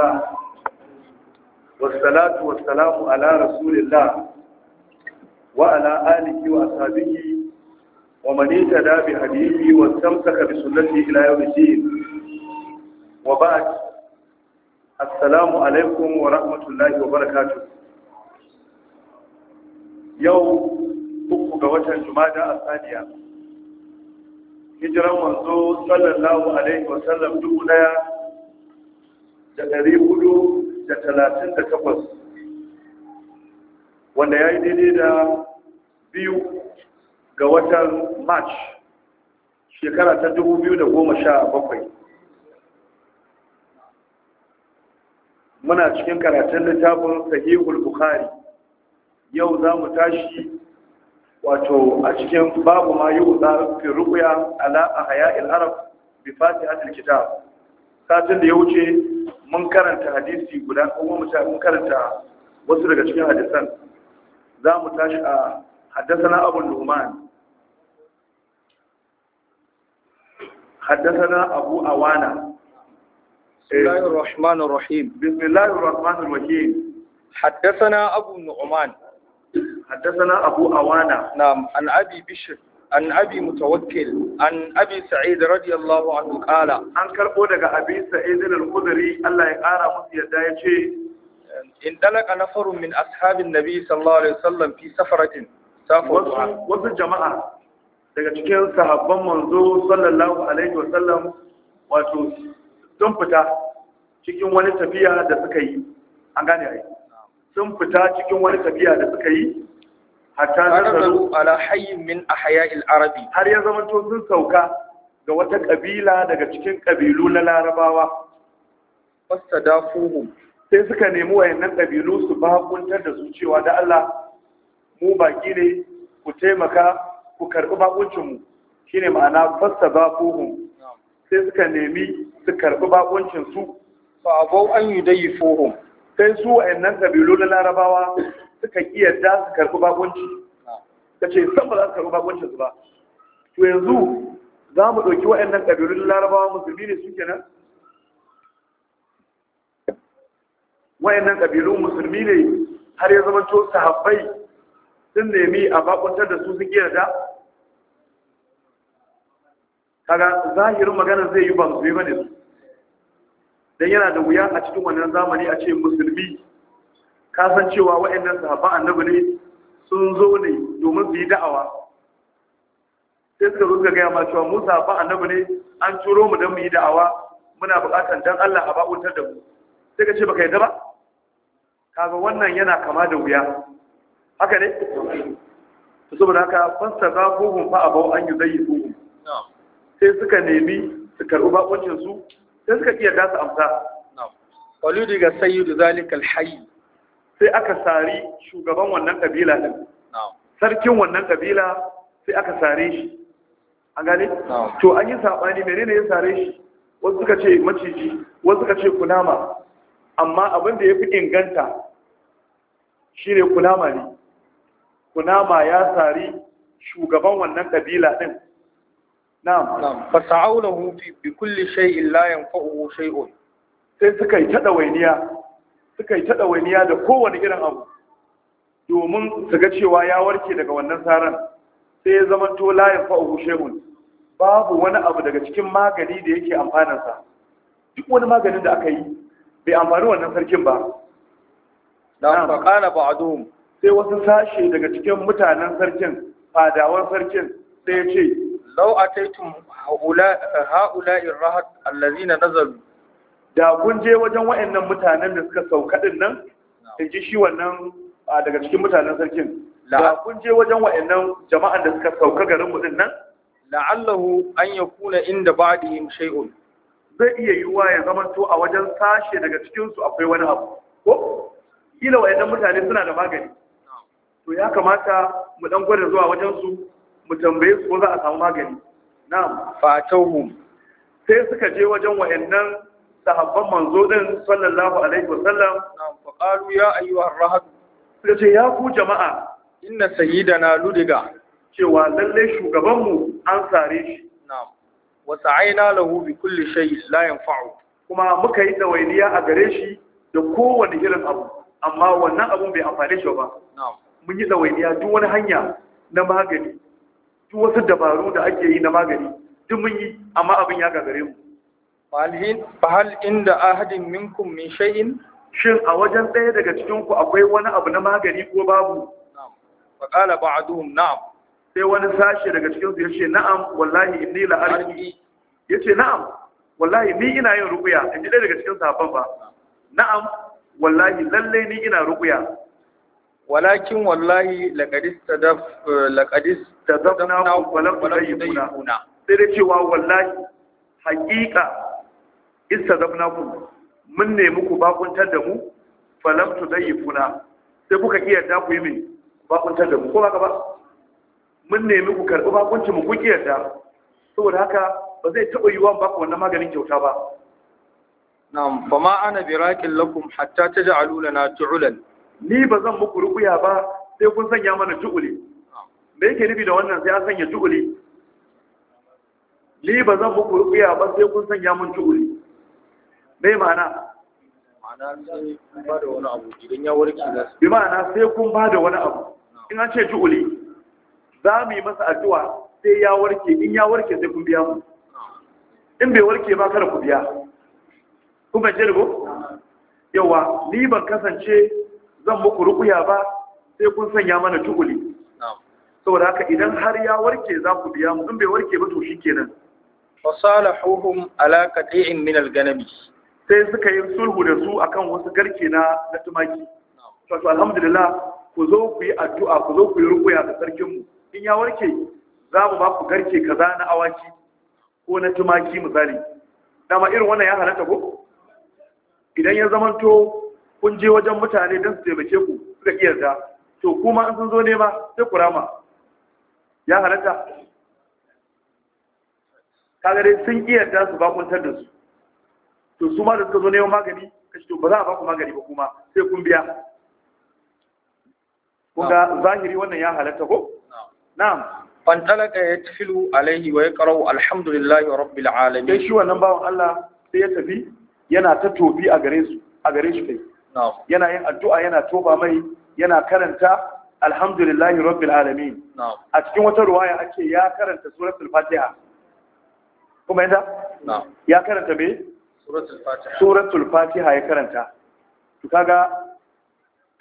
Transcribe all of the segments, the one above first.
ba wasalatu wasalamu ala rasulillah wa ala alihi wa ashabihi wa man tada bi hadithi wa tamsaka bi sunnati ila yawm al assalamu alaykum wa rahmatullahi wa barakatuh yau uku ga watan jumada asadiya hijran manzo sallallahu alaihi wa sallam duk daya da ɗari da talatin da takwas wanda ya yi daidai da biyu ga watan march shekara ta dubu biyu da goma sha bakwai muna cikin karatun littafin sahihul bukhari yau za mu tashi wato a cikin babu ma yi wuta fi rukuya ala a haya'il arab bifati fatihatul kitab satin da ya wuce mun karanta hadisi guda kuma mun karanta wasu daga cikin hadisan za mu tashi a haddasana abu numan haddasana abu awana بسم الله الرحمن الرحيم حدثنا أبو حدثنا أبو أوانا نعم عن أبي بشر an abi mutawakkil an abi sa'id radiyallahu anhu qala an karbo daga abi sa'id al-khudri Allah ya kara musu yadda yace in dalaka nafarun min ashabin nabi sallallahu alaihi wasallam fi safaratin safaru wasu jama'a daga cikin sahabban manzo sallallahu alaihi wasallam wato sun fita cikin wani tafiya da suka yi an gane ai sun fita cikin wani tafiya da suka yi hatta nazaru ala hayyin min al arabi har ya zama to sun sauka ga wata kabila daga cikin kabilu na larabawa fastadafuhum sai suka nemi wayannan kabilu su kuntar da su cewa da Allah mu baki ne ku taimaka ku karbi bakuncin mu shine ma'ana fastadafuhum sai suka nemi su karbi bakuncin su fa abau an yudayifuhum sai su wayannan kabilu na larabawa suka da su karɓi bakunci ka ce san ba za su karɓi bakuncin su ba to yanzu za mu ɗauki waɗannan ƙabilun larabawa musulmi ne suke nan waɗannan ƙabilun musulmi ne har ya zama su haɓai sun nemi a bakuntar da su suke yarda kaga zahirin maganar zai yi ba musulmi ba ne su don yana da wuya a cikin wannan zamani a ce musulmi ka san cewa waɗannan sahabban annabi ne sun zo ne domin su yi da'awa sai suka zo suka gaya ma cewa mu sahabban annabi ne an turo mu don mu yi da'awa muna buƙatar dan Allah a bautar da mu sai ka ce baka yarda ba kaga wannan yana kama da wuya haka ne to saboda haka fasta za buhun fa abau an yi zai buhun sai suka nemi su karɓi bakoncin su sai suka iya dasa amsa qalu diga sayyidu zalikal hayy sai aka sari shugaban wannan kabila din sarkin wannan kabila sai aka sare shi an gane to an yi sabani menene ya sare shi wasu suka ce maciji wasu suka ce kunama amma abin da ya fi inganta shine kunama ne kunama ya sari shugaban wannan kabila din na'am fasa'aunahu fi kulli shay'in la yanfa'uhu shay'un sai suka yi ta dawainiya suka yi ta waniya da kowane irin abu domin su ga cewa ya warke daga wannan tsaron. sai ya zama to layin fa'uhu shehun babu wani abu daga cikin magani da yake amfaninsa. duk wani maganin da aka yi bai amfani wannan sarkin ba da faƙana ba a sai wasu sashe daga cikin mutanen sarkin fadawan sarkin sai ya ce lau a taitun ha'ula'in rahat na nazaru da kun je wajen wa'annan mutanen da suka sauka din nan in ji shi wannan daga cikin mutanen sarkin da kun je wajen wa'annan jama'an da suka sauka garin mu din nan la'allahu an yakuna inda ba'dihim shay'un zai iya yiwuwa ya zama to a wajen sashe daga cikin su akwai wani abu ko kila wa'annan mutane suna da magani to ya kamata mu dan gwada zuwa wajen su mu tambaye su ko za a samu magani na'am fatahum sai suka je wajen wa'annan sahabban manzo din sallallahu alaihi wasallam na'am fa qalu ya ayyuhar rahab sai ce ya ku jama'a inna sayyidana ludiga cewa lalle shugabanmu an sare shi na'am wa sa'ayna lahu bi kulli shay la yanfa'u kuma muka yi ɗawainiya a gare shi da kowane irin abu amma wannan abun bai amfane shi ba na'am mun yi dawainiya duk wani hanya na magani duk wasu dabaru da ake yi na magani duk mun yi amma abin ya gagare mu fahal inda ahadin minkum min shay'in shin a wajen ɗaya daga cikin ku akwai wani abu na magani ko babu fa qala ba'duhum na'am sai wani sashi daga cikin su yace na'am wallahi inni la arqi yace na'am wallahi ni ina yin ruqya inji ɗaya daga cikin sahabban ba na'am wallahi lalle ni ina ruqya walakin wallahi laqadis tadaf laqadis tadafna wa lam tudayyuna sai da cewa wallahi haƙiƙa ku mun nemi ku bakuntar da mu falam tudayifuna sai kuka kiyarda ku yi min bakuntar da mu ko ba ka ba mun nemi ku karɓi bakuncin mu ku kiyarda saboda haka ba zai taɓa yi ba ku wannan maganin kyauta ba na'am fa ma ana biraqin lakum hatta taj'alu lana tu'lan ni ba zan muku rukuya ba sai kun sanya mana tu'uli me yake nufi da wannan sai an sanya tu'uli ni ba zan muku rukuya ba sai kun sanya mun tu'uli mai ma'ana bi ma'ana sai kun ba da wani abu in an ce ju'uli za mu yi masa addu'a sai ya warke in ya warke sai kun biya mu in bai warke ba kada ku biya kun bai jirgo yawa ni ban kasance zan muku rukuya ba sai kun sanya mana ju'uli da haka idan har ya warke za ku biya mu in bai warke ba to shikenan fasalahuhum ala qati'in min alganabi sai suka yi sulhu da su akan wasu garke na na tumaki to alhamdulillah ku zo ku yi addu'a ku zo ku yi rukuya da sarkinmu in ya warke za mu ba ku garke kaza na awaki ko na tumaki misali dama irin wannan ya halatta ko idan ya zamanto kun je wajen mutane don su taimake ku suka iya da to kuma an sun zo nema sai ku rama ya halatta kaga dai sun iya da su bakuntar da su to su ma da suka zo yawan magani kashi to ba za a ba ku magani ba kuma sai kun biya kun ga zahiri wannan ya halatta ko na'am fantalaka ya tafilu alaihi wa ya karau alhamdulillahi wa rabbil alamin sai shi wannan bawan Allah sai ya tafi yana ta tofi a gare su a gare shi kai yana yin addu'a yana toba mai yana karanta alhamdulillahi rabbil alamin a cikin wata ruwaya ake ya karanta suratul fatiha kuma yanda ya karanta me suratul fatiha ya karanta to kaga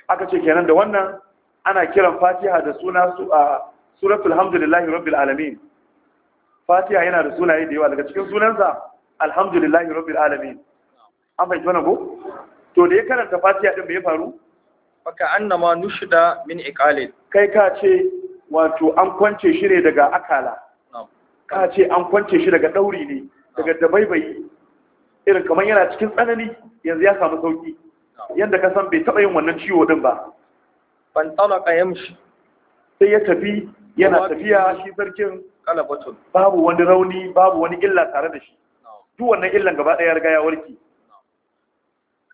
aka ce kenan da wannan ana kiran fatiha da suna suratul hamdulillahi rabbil alamin fatiha yana da sunaye da yawa daga cikin sunansa alhamdulillahi rabbil alamin an bai tona ko to da ya karanta fatiha din me ya faru baka annama nushida min iqalid kai ka ce wato an kwance shi ne daga akala ka ce an kwance shi daga dauri ne daga dabaibai irin kamar yana cikin tsanani yanzu ya samu sauki yadda ka san bai taɓa yin wannan ciwo ɗin ba ban talaka yamshi sai ya tafi yana tafiya shi sarkin babu wani rauni babu wani illa tare da shi duk wannan illan gaba ɗaya riga ya warke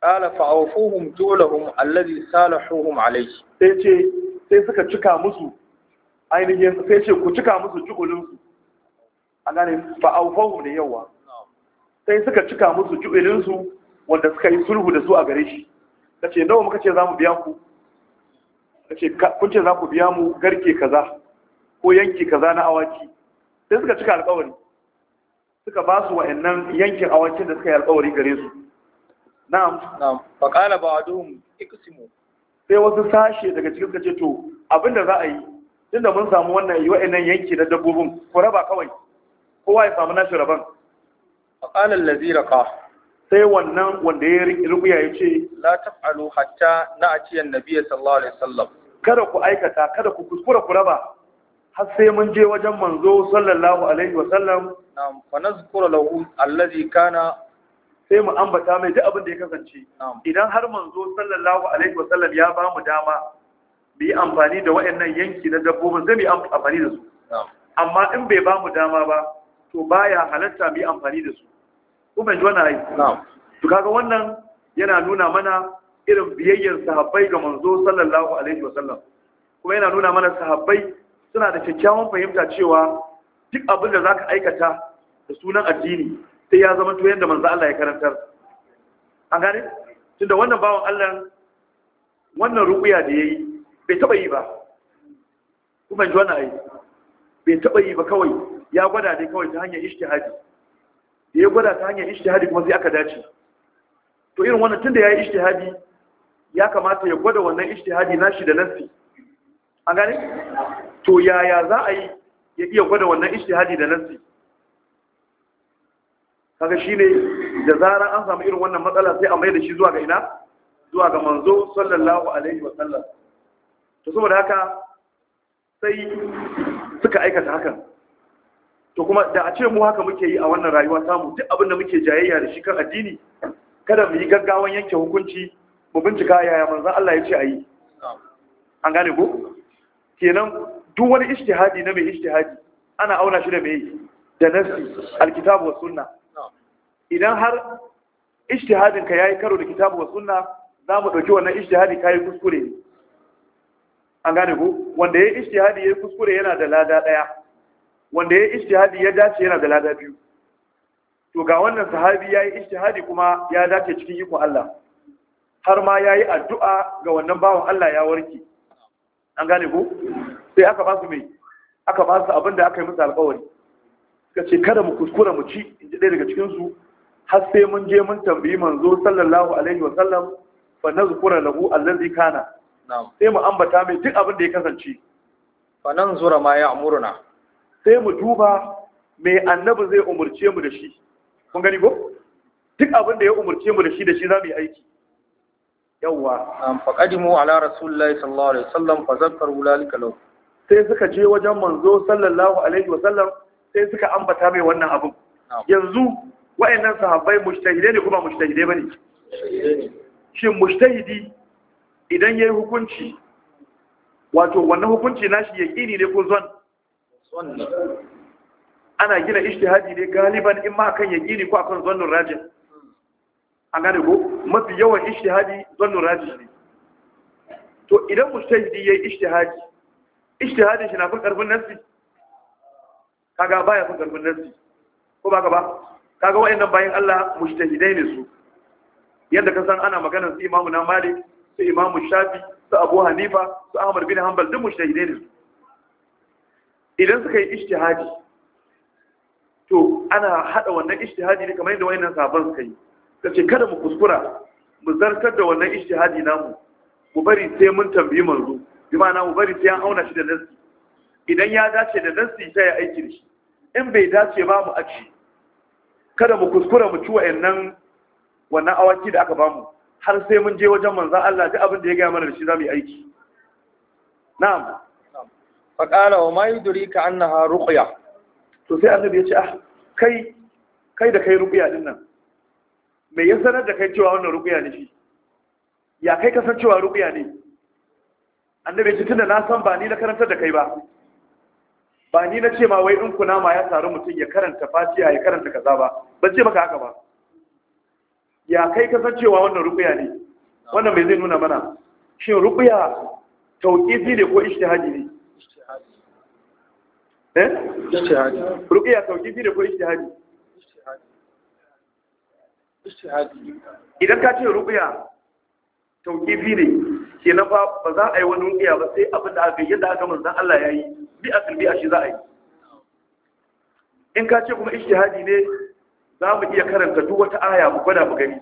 Ƙala fa'awfuhum tulahum allazi salahuhum alayhi sai ce sai suka cika musu ainihin sai ce ku cika musu jukulin su a gane fa'awfuhum da yawa sai suka cika musu ju'ilinsu wanda suka yi sulhu da su a gare shi ta ce nawa muka ce za mu biya ku ta ce kun ce za ku biya mu garke kaza ko yanki kaza na awaki sai suka cika alkawari suka ba su wa'annan yankin awakin da suka yi alkawari gare su na'am na'am fa qala ba'duhum iqsimu sai wasu sashe daga cikin suka ce to abinda za a yi tunda mun samu wannan yi wa'annan yanki na dabbobin ku raba kawai kowa ya samu nashi raban faqala allazi ka? sai wannan wanda ya rubuya yace la taf'alu hatta na'ti annabi sallallahu alaihi wasallam kada ku aikata kada ku kuskura ku raba har sai mun je wajen manzo sallallahu alaihi wasallam na'am fa nazkuru lahu allazi kana sai mu ambata mai duk abin da ya kasance idan har manzo sallallahu alaihi wasallam ya ba mu dama bi amfani da wayannan yanki na dabbobin zai mu amfani da su amma in bai ba mu dama ba to baya halatta mu yi amfani da su ku ban ji wannan ai to kaga wannan yana nuna mana irin biyayyar sahabbai ga manzo sallallahu alaihi wasallam kuma yana nuna mana sahabbai suna da kyakkyawan fahimta cewa duk abin da zaka aikata da sunan addini sai ya zama to yanda manzo Allah ya karantar an gane tunda wannan bawan Allah wannan ruqiya da yayi bai taba yi ba Kuma ban ji wannan ai bai taba yi ba kawai ya gwada ne kawai ta hanyar ishtihadi da ya gwada ta hanyar ishtihadi kuma sai aka dace to irin wannan tunda ya yi ishtihadi ya kamata ya gwada wannan ishtihadi nashi da nassi an gane to yaya za a yi ya iya gwada wannan ishtihadi da nassi kaga shine da zarar an samu irin wannan matsala sai a mai da shi zuwa ga ina zuwa ga manzo sallallahu alaihi wa sallam to saboda haka sai suka aikata hakan to kuma da a ce mu haka muke yi a wannan rayuwa samu duk abin da muke jayayya da shi kan addini kada mu yi gaggawan yanke hukunci mu bincika yaya manzon Allah ya ce ayi. an gane ko kenan duk wani ijtihadi na mai ijtihadi ana auna shi da mai da nafsi alkitabu wa sunna idan har ijtihadin ka yayi karo da kitabu wa sunna za mu dauki wannan ijtihadi kai kuskure an gane ko wanda yayi ijtihadi yayi kuskure yana da lada daya wanda ya ishtihadi ya dace yana da lada biyu to ga wannan sahabi yayi ishtihadi kuma ya dace cikin iko Allah har ma yayi addu'a ga wannan bawan Allah ya warke an gane ko sai aka ba su mai aka ba su abinda aka yi musu alƙawari suka ce kada mu kuskura mu ci in ji ɗaya daga cikin su har sai mun je mun tambayi manzo sallallahu alaihi wa sallam fa nazkura lahu allazi kana sai mu ambata mai duk abin da ya kasance fa nan zura ma ya amuruna sai mu duba mai annabi zai umurce mu da shi kun gani ko duk abin da ya umurce mu da shi da shi za mu yi aiki yawwa an faqadimu ala rasulullahi sallallahu alaihi wasallam fa zakkaru lalika law sai suka je wajen manzo sallallahu alaihi wasallam sai suka ambata mai wannan abin yanzu wa'annan sahabbai mujtahide ne kuma mujtahide bane shin mujtahidi idan yayi hukunci wato wannan hukunci nashi yaqini ne ko zan ana gina ishtihadi ne galiban in ma kan yaqini ko akan zannun rajih an gane ko mafi yawan ishtihadi zannun rajih ne to idan mustahidi yayi ishtihadi ishtihadin shi na fi karfin nafsi kaga baya fi karfin nafsi ko ba ka ba kaga wayannan bayan Allah mustahidai ne su yadda ka san ana maganar su imamu na Malik su imamu Shafi su Abu Hanifa su Ahmad bin Hanbal duk mustahidai ne su idan suka yi ishtihadi to ana hada wannan ishtihadi ne kamar yadda wayannan sahabban suka yi kace kada mu kuskura mu zartar da wannan ishtihadi namu mu bari sai mun tambayi manzo bi ma'ana mu bari sai an auna shi da nassi idan ya dace da nassi sai ya aiki da shi in bai dace ba mu aci kada mu kuskura mu ci wayannan wannan awaki da aka bamu har sai mun je wajen manzon Allah duk abin da ya ga mana da shi zamu yi aiki na'am faƙala wa mayu ka an annaha haruƙiya to sai annabi ya ce ah kai kai da kai ruƙiya din nan me ya sanar da kai cewa wannan ruƙiya ne shi ya kai kasan cewa ruƙiya ne annabi ya ce tunda na san ba ni na karantar da kai ba ba ni na ce ma wai in kunama ya taru mutum ya karanta Fatiya ya karanta kaza ba ban ce maka haka ba ya kai kasancewa wannan ruƙiya ne wannan mai zai nuna mana shin ruƙiya tauƙifi ne ko ishtihadi ne Eh? ko idan ka ce ruqya fi ne kenan fa ba za a yi wani rukiya ba sai abin da aka yi yadda aka manzon Allah ya yi. bi a kalbi a shi za a yi in ka ce kuma ijtihadi ne za mu iya karanta duk wata aya mu gwada mu gani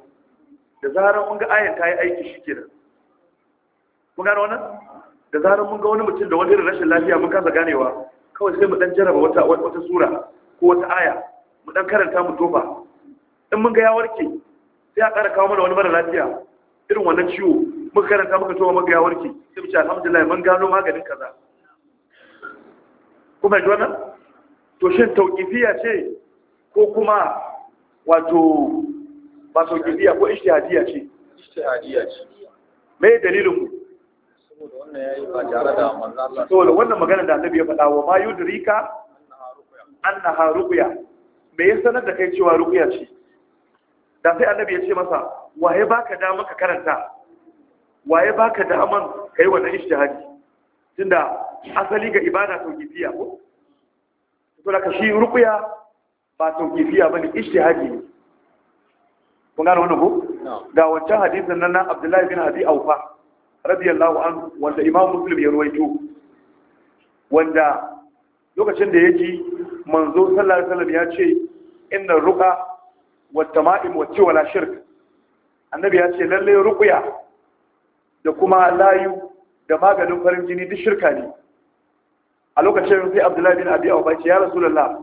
da zarar mun ga ayan ta yi aiki shi shikenan mun gano wannan da zarar mun ga wani mutum da wani rashin lafiya mun kasa ganewa kawai sai mu dan jaraba wata wata sura ko wata aya mu dan karanta mu toba in mun ga ya warke sai a ƙara kawo mana wani mara lafiya irin wannan ciwo muka karanta muka toba muka ya warke sai mu ce alhamdulillah mun gano maganin kaza kuma ji wannan to shin tauqifiya ce ko kuma wato ba tauqifiya ko ishtihadiya ce ishtihadiya ce me dalilin mu saboda wannan magana da annabi ya faɗa wa ma yudrika annaha ruqya me ya sanar da kai cewa ruqya ce da sai annabi ya ce masa waye baka damar ka karanta waye baka damar kai wannan ijtihadi tunda asali ga ibada tauqifiya ko to da shi ruqya ba tauqifiya bane ijtihadi ne kun gane wannan ko ga wancan hadisin nan na Abdullahi bin Hadi Aufa radiyallahu an wanda imam muslim ya ruwaito wanda lokacin da ya ji manzo sallallahu alaihi wasallam ya ce inna ruqa wa tama'im wa tiwala shirk annabi ya ce lalle ruqya da kuma layu da maganin farin jini duk shirka ne a lokacin sai abdullahi bin abi awba ya rasulullah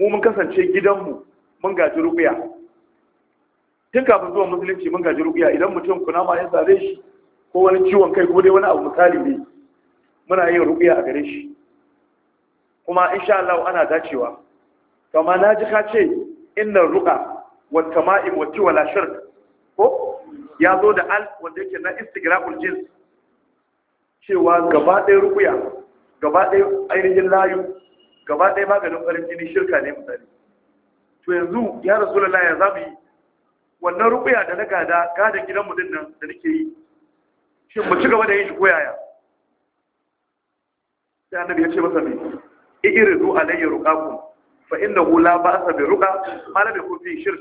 mu mun kasance gidanmu mun gaji ruqya tun kafin zuwa musulunci mun gaji ruqya idan mutum kunama ya sare shi ko wani ciwon kai ko dai wani abu misali ne muna yin rubiya a gare shi kuma insha Allah ana dacewa kama na ji ka ce inna ruqa wa tama'im wa wala shirk ko ya zo da al wanda yake na istighraqul jins cewa gaba ɗaya rubiya gaba ɗaya ainihin layu gaba ɗaya maganin farin jini shirka ne misali to yanzu ya rasulullahi ya zamu yi wannan rubiya da na gada gadan gidan mu nan da nake yi shi mu ci gaba da yin shi koyaya sai annabi ya ce masa mai zu alayya ruqakum fa innahu la ba'sa bi ruqa ma la yakun fi shirk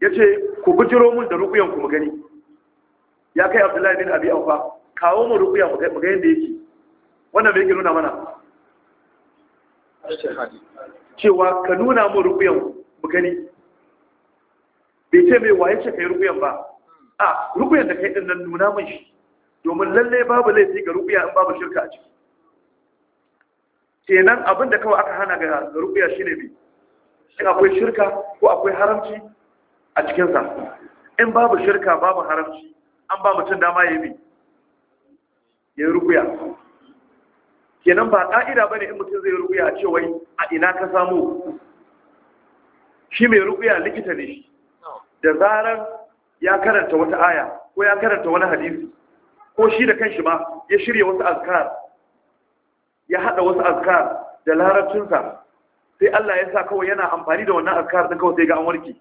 yace ku gujiro mun da ruqiyan ku magani ya kai abdullahi bin abi awfa kawo mu ruqiya mu ga yanda yake wannan me yake nuna mana cewa ka nuna mu ruqiyan mu gani bai ce mai waye ce kai ruqiyan ba a rukuyar da kai din nan nuna mun shi domin lalle babu laifi ga rukuya in babu shirka a ciki kenan abin da kawai aka hana ga rukuya shine bi in akwai shirka ko akwai haramci a cikinsa in babu shirka babu haramci an ba mutum dama ya bi yayi rukuya kenan ba ka'ida bane in mutum zai rukuya a ce wai a ina ka samu shi mai rukuya likita ne da zarar ya karanta wata aya ko ya karanta wani hadisi ko shi da kanshi ma ya shirya wasu azkar ya hada wasu azkar da larabcinsa sai Allah ya sa kawai yana amfani da wannan azkar din kawai sai ga an warke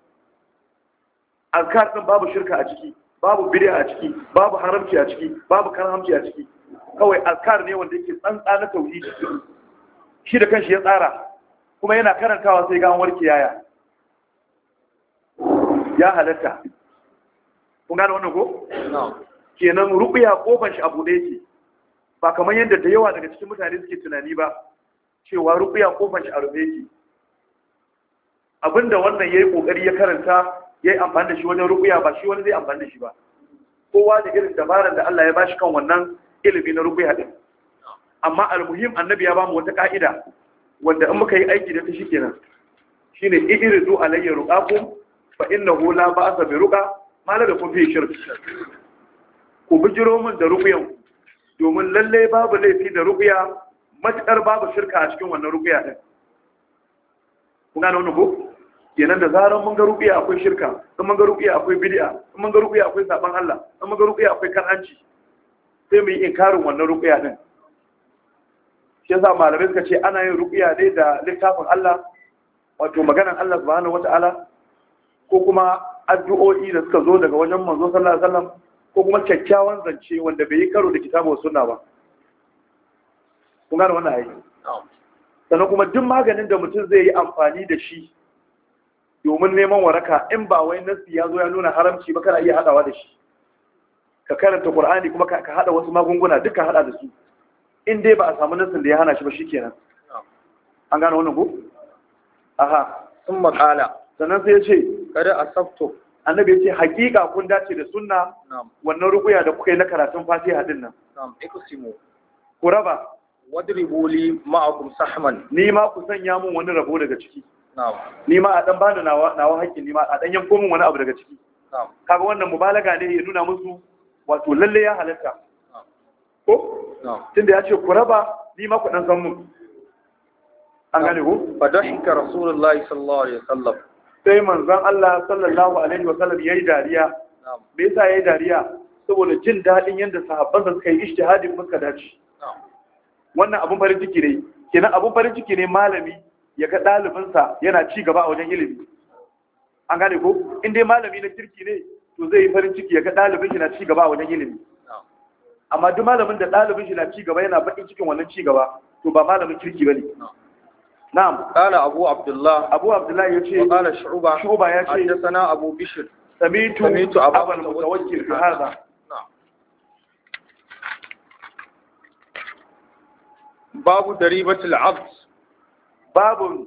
azkar din babu shirka a ciki babu bid'a a ciki babu haramci a ciki babu karhamci a ciki kawai azkar ne wanda yake tsantsa na tauhidi shi da kanshi ya tsara kuma yana karantawa sai ga an warke yaya ya halatta kun gane wannan ko kenan rukuya kofar shi abu da yake ba kamar yadda da yawa daga cikin mutane suke tunani ba cewa rubuya kofar shi a rufe yake abinda wannan ya yi kokari ya karanta ya yi amfani da shi wajen rubuya ba shi wani zai amfani da shi ba kowa da irin dabarar da Allah ya bashi kan wannan ilimi na rukuya din amma almuhim annabi ya bamu wata ka'ida wanda in muka yi aiki da ta kenan shine idridu alayya ruqakum fa innahu la ba'sa bi ruqa malaga kun fi shirk ku bijiro min da rukuyan domin lalle babu laifi da rukuya matuƙar babu shirka a cikin wannan rukuya din ku gane wannan ko kenan da zarar mun ga rukuya akwai shirka in mun ga rukuya akwai bid'a in mun ga rukuya akwai saban Allah in mun ga rukuya akwai kan'anci sai mu yi inkarin wannan rukuya din shi yasa malamai suka ce ana yin rukuya ne da littafin Allah wato maganar Allah subhanahu wata'ala ko kuma addu'o'i da suka zo daga wajen manzo sallallahu alaihi wasallam ko kuma kyakkyawan zance wanda bai yi karo da kitabu sunna ba kun gane wannan ayi sannan kuma duk maganin da mutum zai yi amfani da shi domin neman waraka in ba wai nasi ya zo ya nuna haramci ba kana iya hadawa da shi ka karanta qur'ani kuma ka hada wasu magunguna duka hada da su in dai ba a samu nasin da ya hana shi ba shikenan an gane wannan ko aha sun maƙala sannan sai ya ce kada asabtu annabi ya ce hakika kun dace da sunna wannan rukuya da kuka yi na karatun fatiha din nan na'am ku raba wadribu li ma'akum sahman ni ma ku sanya mun wani rabo daga ciki na'am ni ma a dan bani nawa nawa hakki ni ma a dan yanko mun wani abu daga ciki na'am kaga wannan mubalaga ne ya nuna musu wato lalle ya halatta ko na'am tunda ya ce ku raba ni ma ku dan san mun an gane ko fa rasulullahi sallallahu alaihi wasallam sai manzon Allah sallallahu alaihi wa sallam yayi dariya me yasa yayi dariya saboda jin dadin yanda sahabban da suka yi ijtihadin muka dace wannan abun farin ciki ne kenan abun farin ciki ne malami ya ga ɗalibinsa yana ci gaba a wajen ilimi an gane ko in dai malami na kirki ne to zai yi farin ciki ya ga ɗalibin shi na ci gaba a wajen ilimi amma duk malamin da ɗalibin shi na ci gaba yana baƙin cikin wannan ci gaba to ba malamin kirki bane نعم قال أبو عبد الله أبو عبد الله يتي وقال شعوبة شعوبة يتي حدثنا أبو بشر سميت سميت أبا المتوكل في هذا نعم باب دريبة العبد باب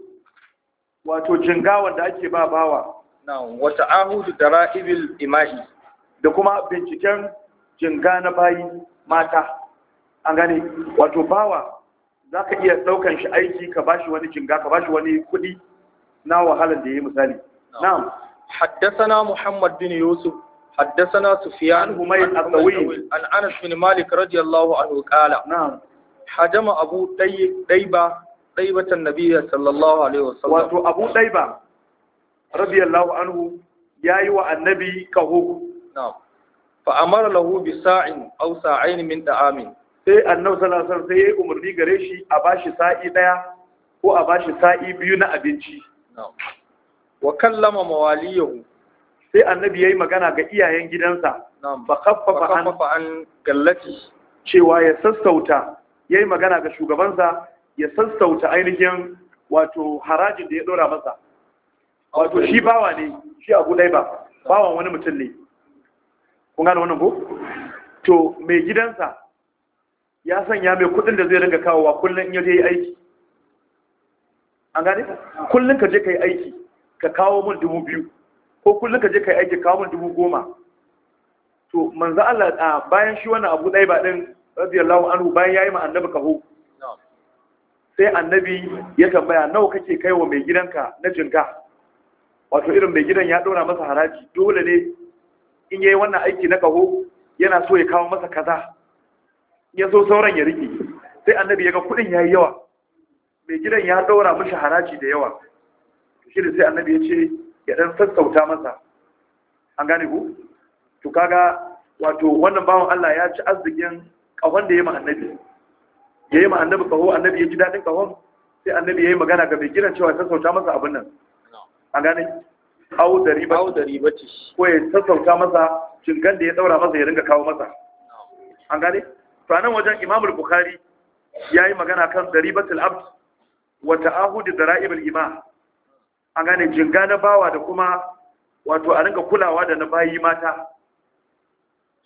wato jingawan da ake ba bawa na'am wa ta'ahudu dara'ibil imahi da kuma binciken jinga na bayi mata an gane wato bawa za ka iya ɗaukan shi aiki ka bashi wani jinga ka bashi wani kuɗi na wahalar da ya yi misali na'am haddasana muhammad bin yusuf haddasana sufyan humayn al-qawi an anas malik radiyallahu anhu qala na'am abu dayy dayba daybata an sallallahu alaihi wasallam wato abu dayba radiyallahu anhu yayi wa annabi kaho na'am fa amara lahu bi sa'in aw sa'ain amin. sai annabi sallallahu alaihi sai ya umarni gare shi a bashi sa'i daya ko a bashi sa'i biyu na abinci wa kallama mawaliyahu sai annabi yayi magana ga iyayen gidansa ba khaffafa an gallati cewa ya sassauta yayi magana ga shugabansa ya sassauta ainihin wato harajin da ya dora masa wato shi bawa ne shi abu dai ba bawan wani mutum ne kun gane wannan ko to mai gidansa ya sanya mai kudin da zai ringa kawowa kullum in yaje yi aiki an gane kullum ka je ka aiki ka kawo mun dubu biyu ko kullum ka je ka aiki kawo mun dubu goma to manzo Allah a bayan shi wannan abu ɗaya ba ɗin radiyallahu anhu bayan yayi ma annabi kaho sai annabi ya tambaya nawa kake kai wa mai gidanka na jinga wato irin mai gidan ya ɗaura masa haraji dole ne in yayi wannan aiki na kaho yana so ya kawo masa kaza ya zo sauran ya rike sai annabi ya ga kuɗin ya yi yawa mai gidan ya daura mishi haraji da yawa shi da sai annabi ya ce ya ɗan sassauta masa an gane ku to kaga wato wannan bawan Allah ya ci arzikin kahon da ya yi ma annabi ya yi ma annabi kaho annabi ya ji daɗin kahon sai annabi ya yi magana ga mai gidan cewa sassauta masa abin nan an gane au da riba ko ya sassauta masa gan da ya daura masa ya ringa kawo masa an gane fanan wajen imamul bukhari ya yi magana kan daribatul abd wa ta'ahudi dara'ibul ima an gane jinga na bawa da kuma wato a ringa kulawa da na bayi mata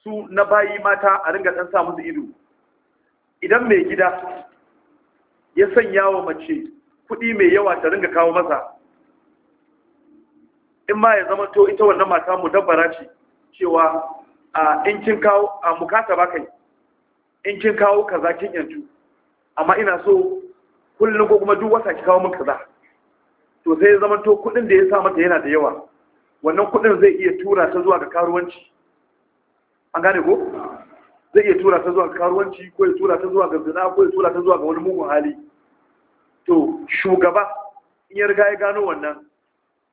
su na bayi mata a ringa ɗan sa musu ido idan mai gida ya sanya wa mace kuɗi mai yawa ta ringa kawo maza. in ma ya zama to ita wannan mata mu dabbara ce cewa a in kin kawo a mukata ba kai in kin kawo kaza kin yantu amma ina so kullum ko kuma duk wata ki kawo min kaza to sai ya zama to kuɗin da ya sa mata yana da yawa wannan kuɗin zai iya tura ta zuwa ga karuwanci an gane ko zai iya tura ta zuwa ga karuwanci ko ya tura ta zuwa ga zina ko ya tura ta zuwa ga wani mugun hali to shugaba in ya riga ya gano wannan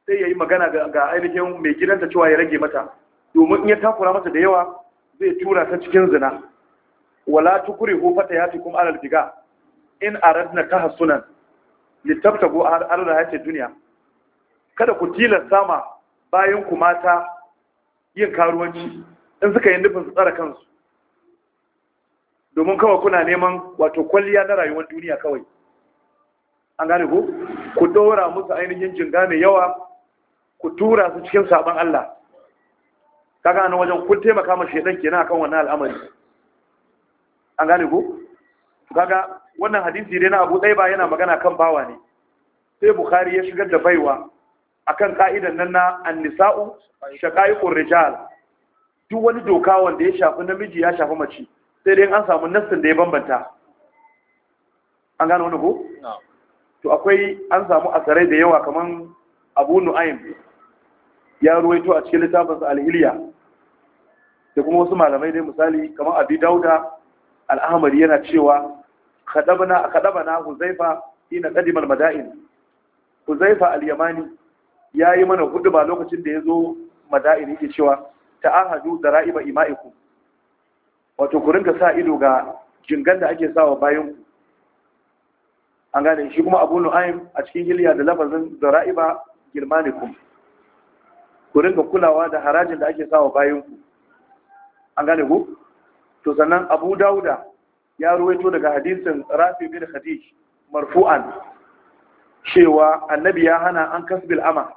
sai ya yi magana ga ainihin mai gidanta cewa ya rage mata domin in ya takura mata da yawa zai tura ta cikin zina wala ya fi kuma alal biga in aradna tahassunan litabtagu ala hayati duniya. kada ku tilasta ma bayan ku mata yin karuwanci in suka yi nufin su tsara kansu domin kawai kuna neman wato kwalliya na rayuwar duniya kawai an gane ku ku dora musu ainihin jinga mai yawa ku tura su cikin sabon Allah kaga nan wajen kun taimaka ma shedan kenan akan wannan al'amari an gane ko kaga wannan hadisi dai na Abu Daiba yana magana kan bawa ne sai Bukhari ya shigar da baiwa akan ka'idan nan na an-nisa'u shaqaiqur rijal duk wani doka wanda ya shafi namiji ya shafi mace sai dai an samu nassin da ya bambanta an gane wani ko to akwai an samu asarai da yawa kaman Abu Nu'aym ya ruwaito a cikin littafinsa al-Hilya da kuma wasu malamai dai misali kamar Abi Dauda al yana cewa kaɗaba na huzaifa ina ƙadimar madain huzaifa al-yamani yi mana hudu ba lokacin da ya zo madain yake cewa ta da Ra'iba Ima'iku. wato ku ka sa ido ga jingan da ake sawa bayan ku an gane shi kuma abu nu'aym a cikin hiliya da lafazin ra'iba girmanikum ku ka kulawa da harajin da ake sawa bayan ku an gane ku to sannan abu dauda ya ruwaito daga hadisin rafi bin khadij marfu'an cewa annabi ya hana an kasbil ama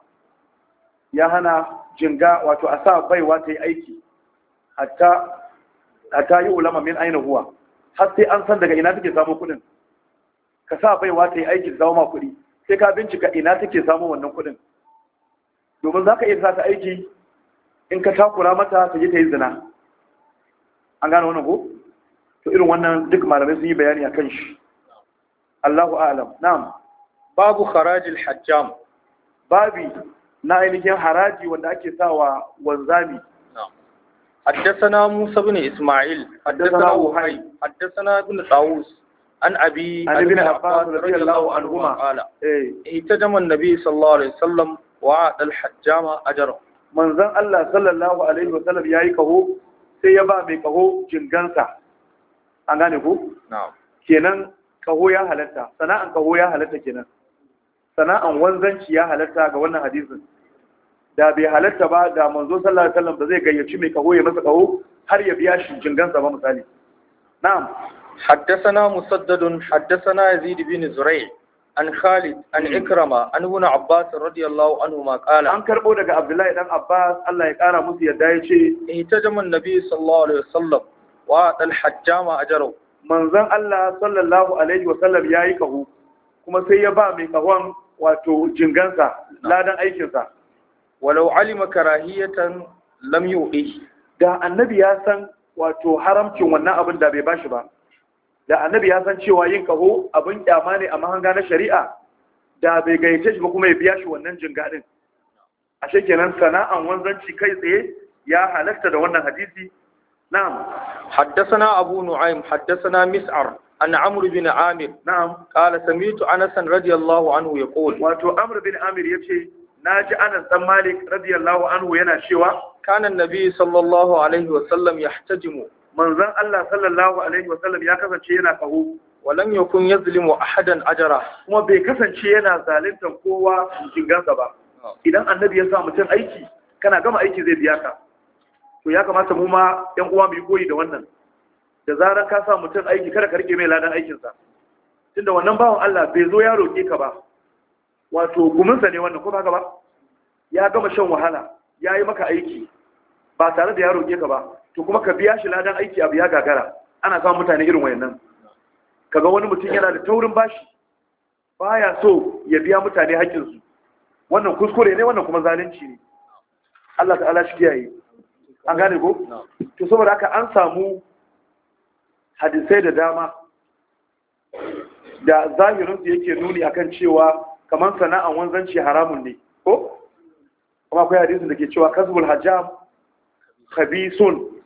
ya hana jinga wato a sa baiwa ta yi aiki ta yi ulama min aina huwa har sai an san daga ina take samu kudin ka sa baiwa ta yi aiki zama ma kudi sai ka bincika ina take samu wannan kudin domin za ka iya sa ta aiki in ka takura mata ta yi ta yi zina an gano wani ko to irin wannan duk malamai sun yi bayani a kan shi allahu alam na'am babu harajin hajjam babi na ainihin haraji wanda ake sawa wanzami haddasana musa bin isma'il haddasana wuhai haddasana bin tsawus an abi abin haifar da nabi sallallahu alaihi wasallam wa'adal hajjama ajara manzan allah sallallahu alaihi wasallam ya yi kaho sai ya ba mai kaho jingansa an gane ku? kenan kaho ya halatta sana'an kaho ya halatta kenan sana'an wanzanci ya halatta ga wannan hadisin da bai halatta ba da manzo sallallahu alaihi wasallam ba zai gayyaci mai kaho ya masa kaho har ya biya shi jingansa ba misali na'am حدثنا مسدد حدثنا يزيد بن زريع an Khalid an Ikrama an Ibn Abbas radiyallahu anhu ma an karbo daga Abdullahi dan Abbas Allah ya kara musu yadda yace ihtajama annabi sallallahu alaihi wasallam wa al hajjama ajru manzon Allah sallallahu alaihi wasallam yayi kahu kuma sai ya ba mai kahon wato jingansa ladan aikinsa walau alima karahiyatan lam yu'i da annabi ya san wato haramcin wannan abin da bai bashi ba da annabi ya san cewa yin kaho abin kyama ne a mahanga na shari'a da bai gayyace shi ba kuma ya biya shi wannan jingadin ashe kenan sana'an wanzanci kai tsaye ya halatta da wannan hadisi na'am haddathana abu nu'aym haddathana mis'ar an amr bin amir na'am qala samitu anas radiyallahu anhu yaqul wato amr bin amir yace naji anas dan malik radiyallahu anhu yana cewa kana annabi sallallahu alaihi wa sallam yahtajimu manzon Allah sallallahu alaihi wa sallam ya kasance yana kaho walan yakun yazlimu ahadan ajara kuma bai kasance yana zaluntar kowa gasa ba idan annabi ya sa mutum aiki kana gama aiki zai biya ka to ya kamata mu ma yan uwa mu yi koyi da wannan da zarar ka sa mutum aiki kada ka rike mai ladan aikinsa tunda wannan bawan Allah bai zo ya roke ka ba wato sa ne wannan ko ba ka ba ya gama shan wahala ya yi maka aiki ba tare da ya roke ka ba to kuma ka biya shi ladan aiki a biya gagara ana samun mutane irin wayannan kaga wani mutum yana da taurin bashi baya so ya biya mutane haƙƙinsu wannan kuskure ne wannan kuma zalunci ne Allah ta'ala shi kiyaye an gane ko to saboda haka an samu hadisai da dama da zahirinsu yake nuni akan cewa kamar sana'an wanzanci haramun ne ko kuma akwai hadisin da ke cewa kasbul hajjam khabisun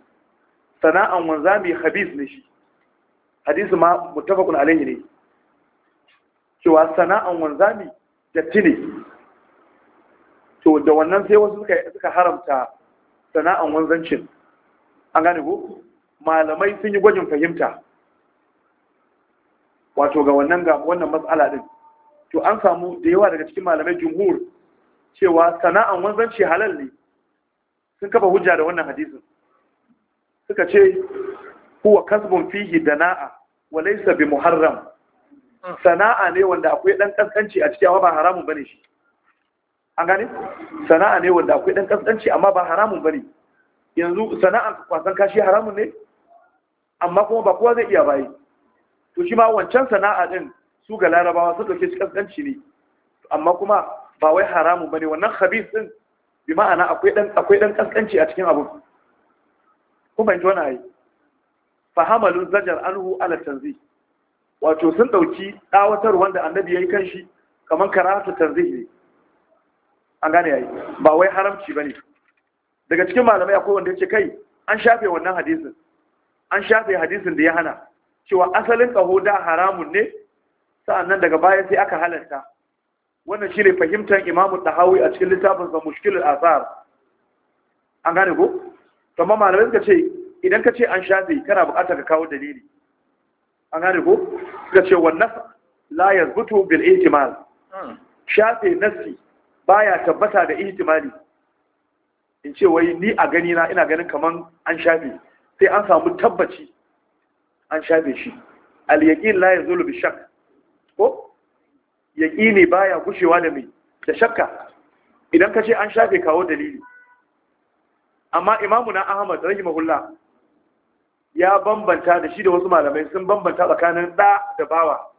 sana'an wanzami habis ne shi Hadisu ma mutafakun alayhi ne cewa sana'an wanzami datti ne to da wannan sai wasu suka haramta sana'an wanzancin an gane ko malamai sun yi gwajin fahimta wato ga wannan ga wannan matsala din to an samu da yawa daga cikin malamai jumhur cewa sana'an wanzanci halal ne sun kafa hujja da wannan hadisin suka ce huwa kasbun fihi dana'a wa laysa bi muharram hmm. sana'a ne wanda akwai dan kaskanci a cikin ba haramun bane shi an gane sana'a ne wanda akwai dan kaskanci amma ba haramun bane yanzu sana'a kwasan kashi haramun ne amma kuma ba kowa zai iya bayi to shi ma wancan sana'a din su ga larabawa sun dauke shi kaskanci ne amma kuma ba wai haramun bane wannan khabith din bi ma'ana akwai dan akwai dan kaskanci a cikin abu Kuma ji wani ayi zajar anhu ala tanzi wato sun dauki dawatar wanda annabi yayi kanshi kaman karatu tanzih ne an gane yayi ba wai haramci bane daga cikin malamai akwai wanda yace kai an shafe wannan hadisin an shafe hadisin da ya hana cewa asalin kaho da haramun ne sa'annan daga baya sai aka halarta wannan shine fahimtar Imamu Tahawi a cikin littafin sa Mushkilul Athar an gane ko kamar malamai suka ce idan ka ce an shafe kana buƙatar ka kawo dalili an gane ko suka ce wannan layar butu bil ihtimal hmm. shafe nassi baya tabbata da ihtimali in ce wai ni a gani na ina ganin kamar an shafe sai an samu tabbaci an shafe shi al yaqin la yazulu bi shakk ko yaqini baya gushewa da mai da shakka idan ka ce an shafe kawo dalili amma imamuna ahmad mahulla ya bambanta da shi da wasu malamai sun bambanta tsakanin ɗa da bawa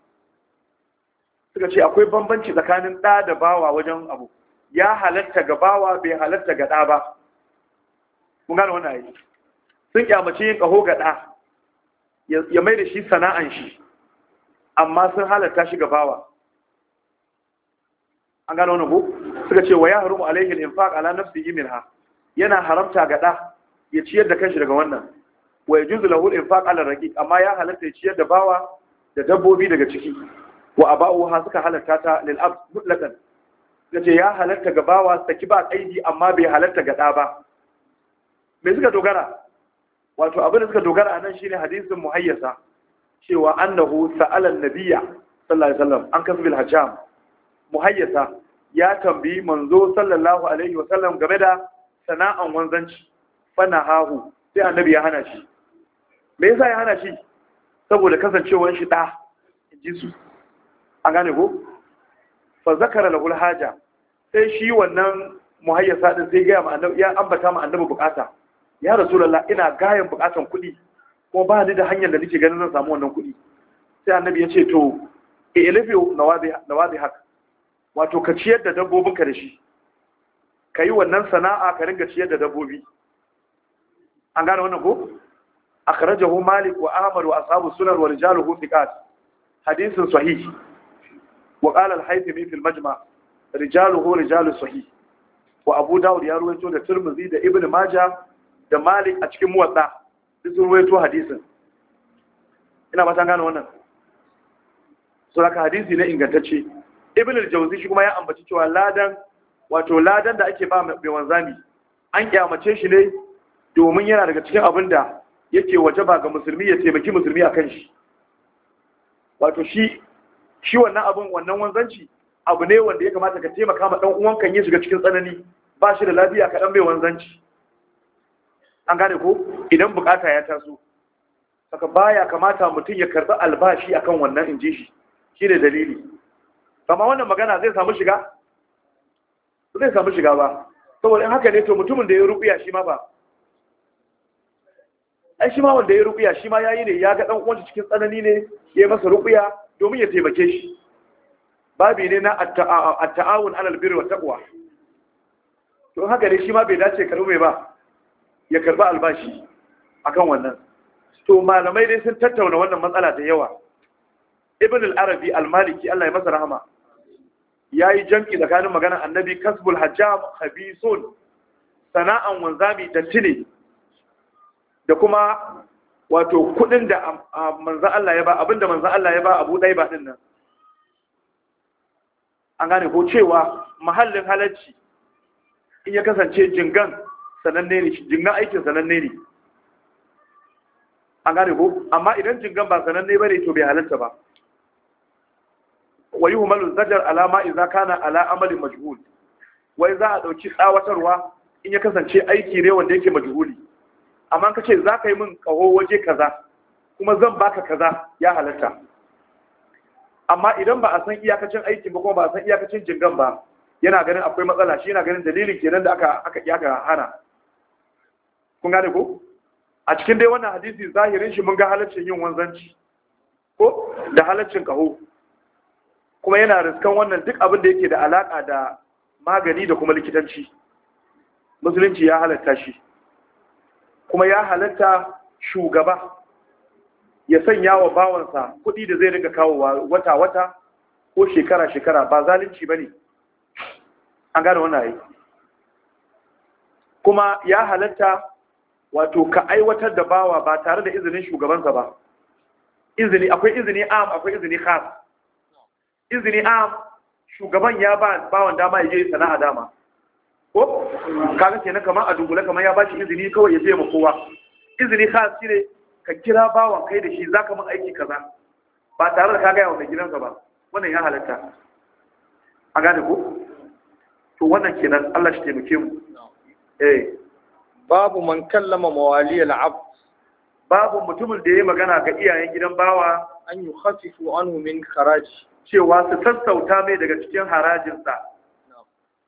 suka ce akwai bambanci tsakanin ɗa da bawa wajen abu ya halatta ga bawa bai halatta ga ɗa ba mun gane wannan ayi sun kyamace yin ƙaho ga ɗa ya mai da shi sana'an shi amma sun halatta shi ga bawa an gane wannan ku? suka ce wa ya harumu alaihi al-infaq ala nafsihi minha yana haramta ga ɗa ya ciyar da kanshi daga wannan wa yajuzu lahu al-infaq ala raqiq amma ya halatta ya ciyar da bawa da dabbobi daga ciki wa aba'uha suka halatta ta lil abd mutlaqan yace ya halatta ga bawa saki ba kaidi amma bai halatta ga ɗa ba me suka dogara wato abin da suka dogara anan shine hadisin muhayyasa cewa annahu sa'ala an-nabiyya sallallahu alaihi wasallam an kasbil hajam muhayyasa ya tambayi manzo sallallahu alaihi wasallam game da sana'an wanzanci fana hahu sai annabi ya hana shi me yasa ya hana shi saboda kasancewar shi da ji su an gane ko fa zakara lahul haja sai shi wannan muhayyasa din sai ga annabi ya ambata ma annabi bukata ya rasulullah ina gayan bukatan kuɗi ko ba ni da hanyar da nake ganin zan samu wannan kuɗi sai annabi ya ce to e ilafi nawazi haka wato ka ciyar da dabbobinka da shi ka yi wannan sana'a ka ringa ciyar da dabbobi an gane wannan ko akhrajahu malik wa ahmad wa ashabu sunan wa rijaluhu thiqat hadithun sahih wa qala al-haythami fi al-majma' rijaluhu rijalu sahih wa abu dawud ya ruwaito da tirmidhi da Ibn majah da malik a cikin muwatta duk sun ruwaito hadisin ina ba san gane wannan so ka hadisi ne ingantacce ibn al-jawzi shi kuma ya ambaci cewa ladan wato ladan da ake ba mai wanzami an kyamace shi ne domin yana daga cikin abin da yake waje ba ga musulmi ya taimaki musulmi a kan shi wato shi wannan abin wannan wanzanci abu ne wanda ya kamata ka taimaka ma ɗan'uwan uwan kan yi shiga cikin tsanani ba shi da lafiya kaɗan mai wanzanci an gane ko idan bukata ya taso saka baya kamata mutum ya karɓi albashi akan wannan inji shi shi ne dalili amma wannan magana zai samu shiga zai samu shiga ba saboda in haka ne to mutumin da ya rubuya shi ma ba ai shi ma wanda ya rubuya shi ma yayi ne ya ga dan uwanci cikin tsanani ne ya yi masa rubuya domin ya taimake shi babi ne na at-ta'awun 'ala al-birri wa taqwa to haka ne shi ma bai dace karbi mai ba ya karba albashi akan wannan to malamai dai sun tattauna wannan matsala da yawa ibn al-arabi al-maliki Allah ya masa rahama ya yi jam'i tsakanin magana annabi kasbul hajjab habisun sana'an wanzami da ne da kuma wato kudin da ah, ah, manzan Allah ya ba abinda manzan Allah ya ba abu ɗai ba ɗin nan an gane ko cewa mahallin halarci in ya kasance jingan sananne ne jingan aikin sananne ne an gane ko amma idan jingan ba sananne ba ne to bai halarta ba wa malu zajar alama idza kana ala amali majhul wai za a dauki tsawatarwa in ya kasance aiki ne wanda yake majhuli amma kace za ka yi min kaho waje kaza kuma zan baka kaza ya halatta amma idan ba a san iyakacin aiki ba kuma ba a san iyakacin jingan ba yana ganin akwai matsala shi yana ganin dalilin kenan da aka aka iyaka hana kun gane ko a cikin dai wannan hadisi zahirin shi mun ga halaccin yin wanzanci ko da halaccin kaho kuma yana riskan wannan duk abin da yake da alaka da magani da kuma likitanci musulunci ya halatta shi kuma ya halatta shugaba ya sanya wa bawansa kuɗi da zai riga kawo wata-wata ko shekara-shekara ba zalunci ba ne an gane wannan yi kuma ya halatta wato ka aiwatar da bawa ba tare da izinin shugabansa ba izini akwai izini am akwai izini khas izini am shugaban ya ba bawan dama ya je sana'a dama ko kaga kenan kamar a dungule kamar ya bashi izini kawai ya zai ma kowa izini ka shine ka kira bawan kai da shi zaka mun aiki kaza ba tare da ka ga yawa mai gidansa ba wannan ya halatta a gane ko to wannan kenan Allah shi taimake mu eh babu man kallama mawali al babu mutumin da yayi magana ga iyayen gidan bawa an yukhafifu anhu min kharaji cewa su sassauta mai daga cikin harajinsa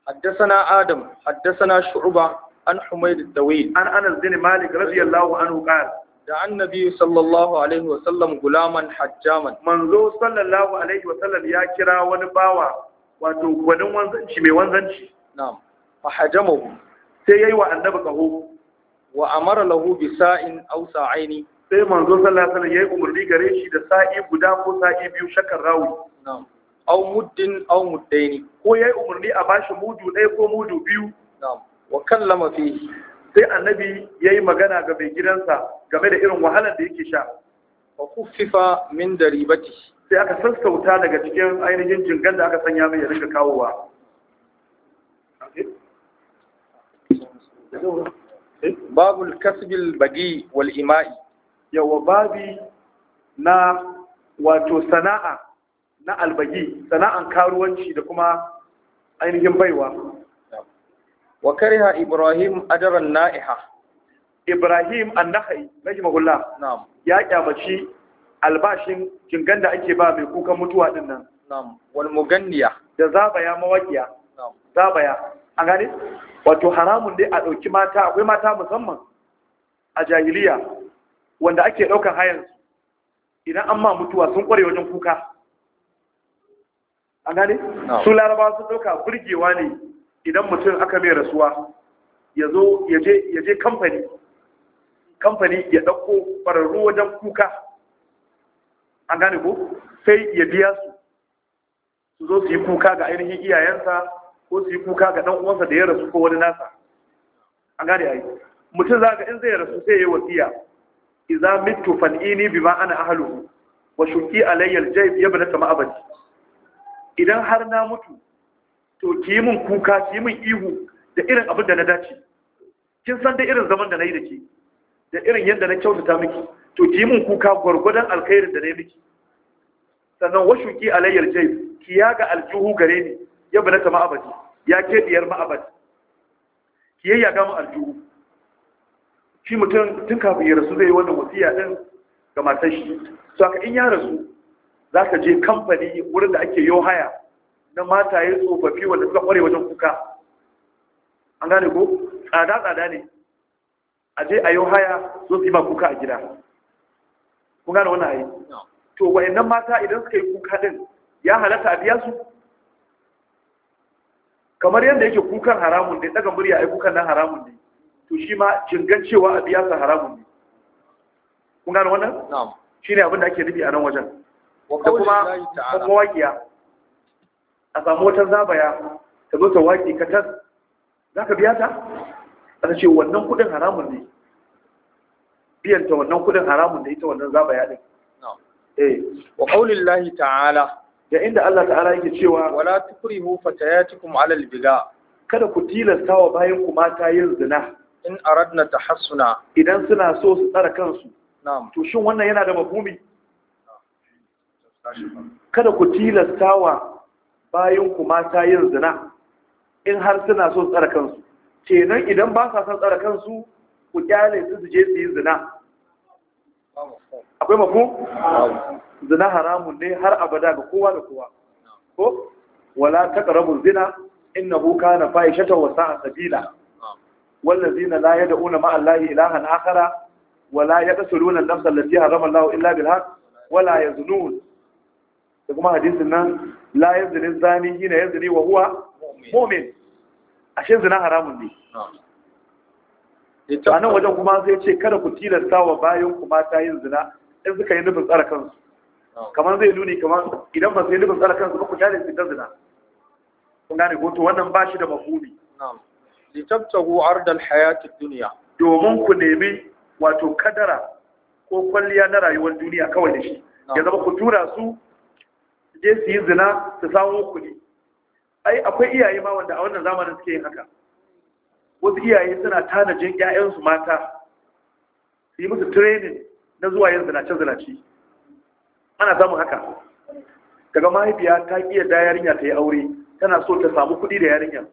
حدثنا آدم حدثنا شعبة عن حميد Malik, عن أنس بن مالك رضي الله عنه قال دعا النبي صلى الله عليه وسلم غلاما حجاما منذ صلى الله عليه وسلم يا ونباوا wato gwanin wanzanci mai wanzanci na'am fa hajamu sai yayi wa annabi kaho wa amara lahu bi sa'in aw sa'aini sai manzo sallallahu alaihi wasallam umarni gare shi da sa'i guda ko sa'i biyu shakar rawi aw muddin aw muddaini ko yayi umarni a bashi mudu ɗaya ko mudu biyu wa kallama fihi sai annabi yayi magana ga mai gidansa game da irin wahalar da yake sha wa kuffifa min daribati sai aka sassauta daga cikin ainihin jingan da aka sanya mai ya rika kawowa eh? babul kasbil bagi wal ima'i yawa babi na wato sana'a na albagi sana'an karuwanci da kuma ainihin baiwa wa kariha ibrahim adaran na'iha ibrahim annahai rahimahullah na'am ya kyamaci albashin jingan da ake ba mai kukan mutuwa din nan na'am wal muganniya da zabaya mawakiya na'am zabaya an gane wato haramun dai a dauki mata akwai mata musamman a jahiliya wanda ake daukan hayan idan an ma mutuwa sun kware wajen kuka an gane su laraba sun ɗauka burgewa ne idan mutum aka mai rasuwa ya zo ya je kamfani kamfani ya ɗauko ɓararru wajen kuka an gane ko sai ya biya su su zo su yi kuka ga ainihin iyayensa ko su yi kuka ga ɗan uwansa da ya rasu ko wani nasa an gane yi mutum za ka in zai rasu sai ya yi wasiya Iza mitu fan'ini bima ana ahluhu wa shuki alayya aljayb yabna sama abadi idan har na mutu to ki yi min kuka ki yi min ihu da irin abin da na dace kin san da irin zaman da na yi da ke da irin yadda na kyautata miki to ki yi min kuka gwargwadon alkhairin da na yi miki sannan washu ki alayyar jai ki yaga aljuhu gare ni ya bana ta ma'abadi ya ke diyar ma'abadi ki yayya ga mu aljuhu shi mutum tun kafin ya rasu zai yi wannan wasiya din ga matar shi in ya rasu za ka je kamfani wurin da ake yau haya na mataye tsofaffi wanda suka kware wajen kuka an gane ko tsada-tsada ne a je a yau haya zo su yi ma kuka a gida kun gane wani ayi to nan mata idan suka yi kuka din ya halatta a biya su kamar yadda yake kukan haramun ne daga murya ai kukan nan haramun ne to shi ma jingancewa cewa a biya su haramun ne kun gane wannan Shi ne abin da ake nufi a nan wajen da kuma mawaƙiya a samu wata zabaya ta zo ta waƙi katar za ka biya ta a ta ce wannan kudin haramun ne biyanta wannan kudin haramun da ita wannan zabaya din eh wa qaulillahi ta'ala da inda Allah ta'ala yake cewa wala tukuri tukrihu fatayatikum ala biga. kada ku tilasta wa bayan ku mata yin zina in aradna Hassuna. idan suna so su tsara kansu to shin wannan yana da mafhumi kada ku wa bayan ku mata yin zina in har suna so tsara kansu kenan idan ba sa son tsara kansu ku kyale su su je su yi zina akwai mafu zina haramun ne har abada ga kowa da kowa ko wala taqrabu zina na kana fahishatan wa sa'a sabila zina la yad'una ma'a allahi ilahan akara wala ya yaqtuluna nuna nafsa lafiya harrama allahu illa bil haqq wala yaznun da kuma hadisin nan la yazni zani hina yazni wa huwa mu'min ashe zina haramun ne a nan wajen kuma zai ce kada ku tilasta wa bayan ku mata yin zina in suka yi nufin tsara kansu kamar zai nuni kamar idan ba su yi nufin tsara kansu ba ku tare su ta zina kun gane goto wannan ba shi da mafumi litabtahu ardal ad dunya domin ku nemi wato kadara ko kwalliya na rayuwar duniya kawai da shi ya zama ku tura su su je su yi zina su samu kuɗi ai akwai iyaye ma wanda a wannan zamanin suke yin haka wasu iyaye suna tanajin 'ya'yansu mata su yi musu training na zuwa yin zinace-zinace ana samun haka daga mahaifiya ta iya da yarinya ta yi aure tana so ta samu kuɗi da yarinya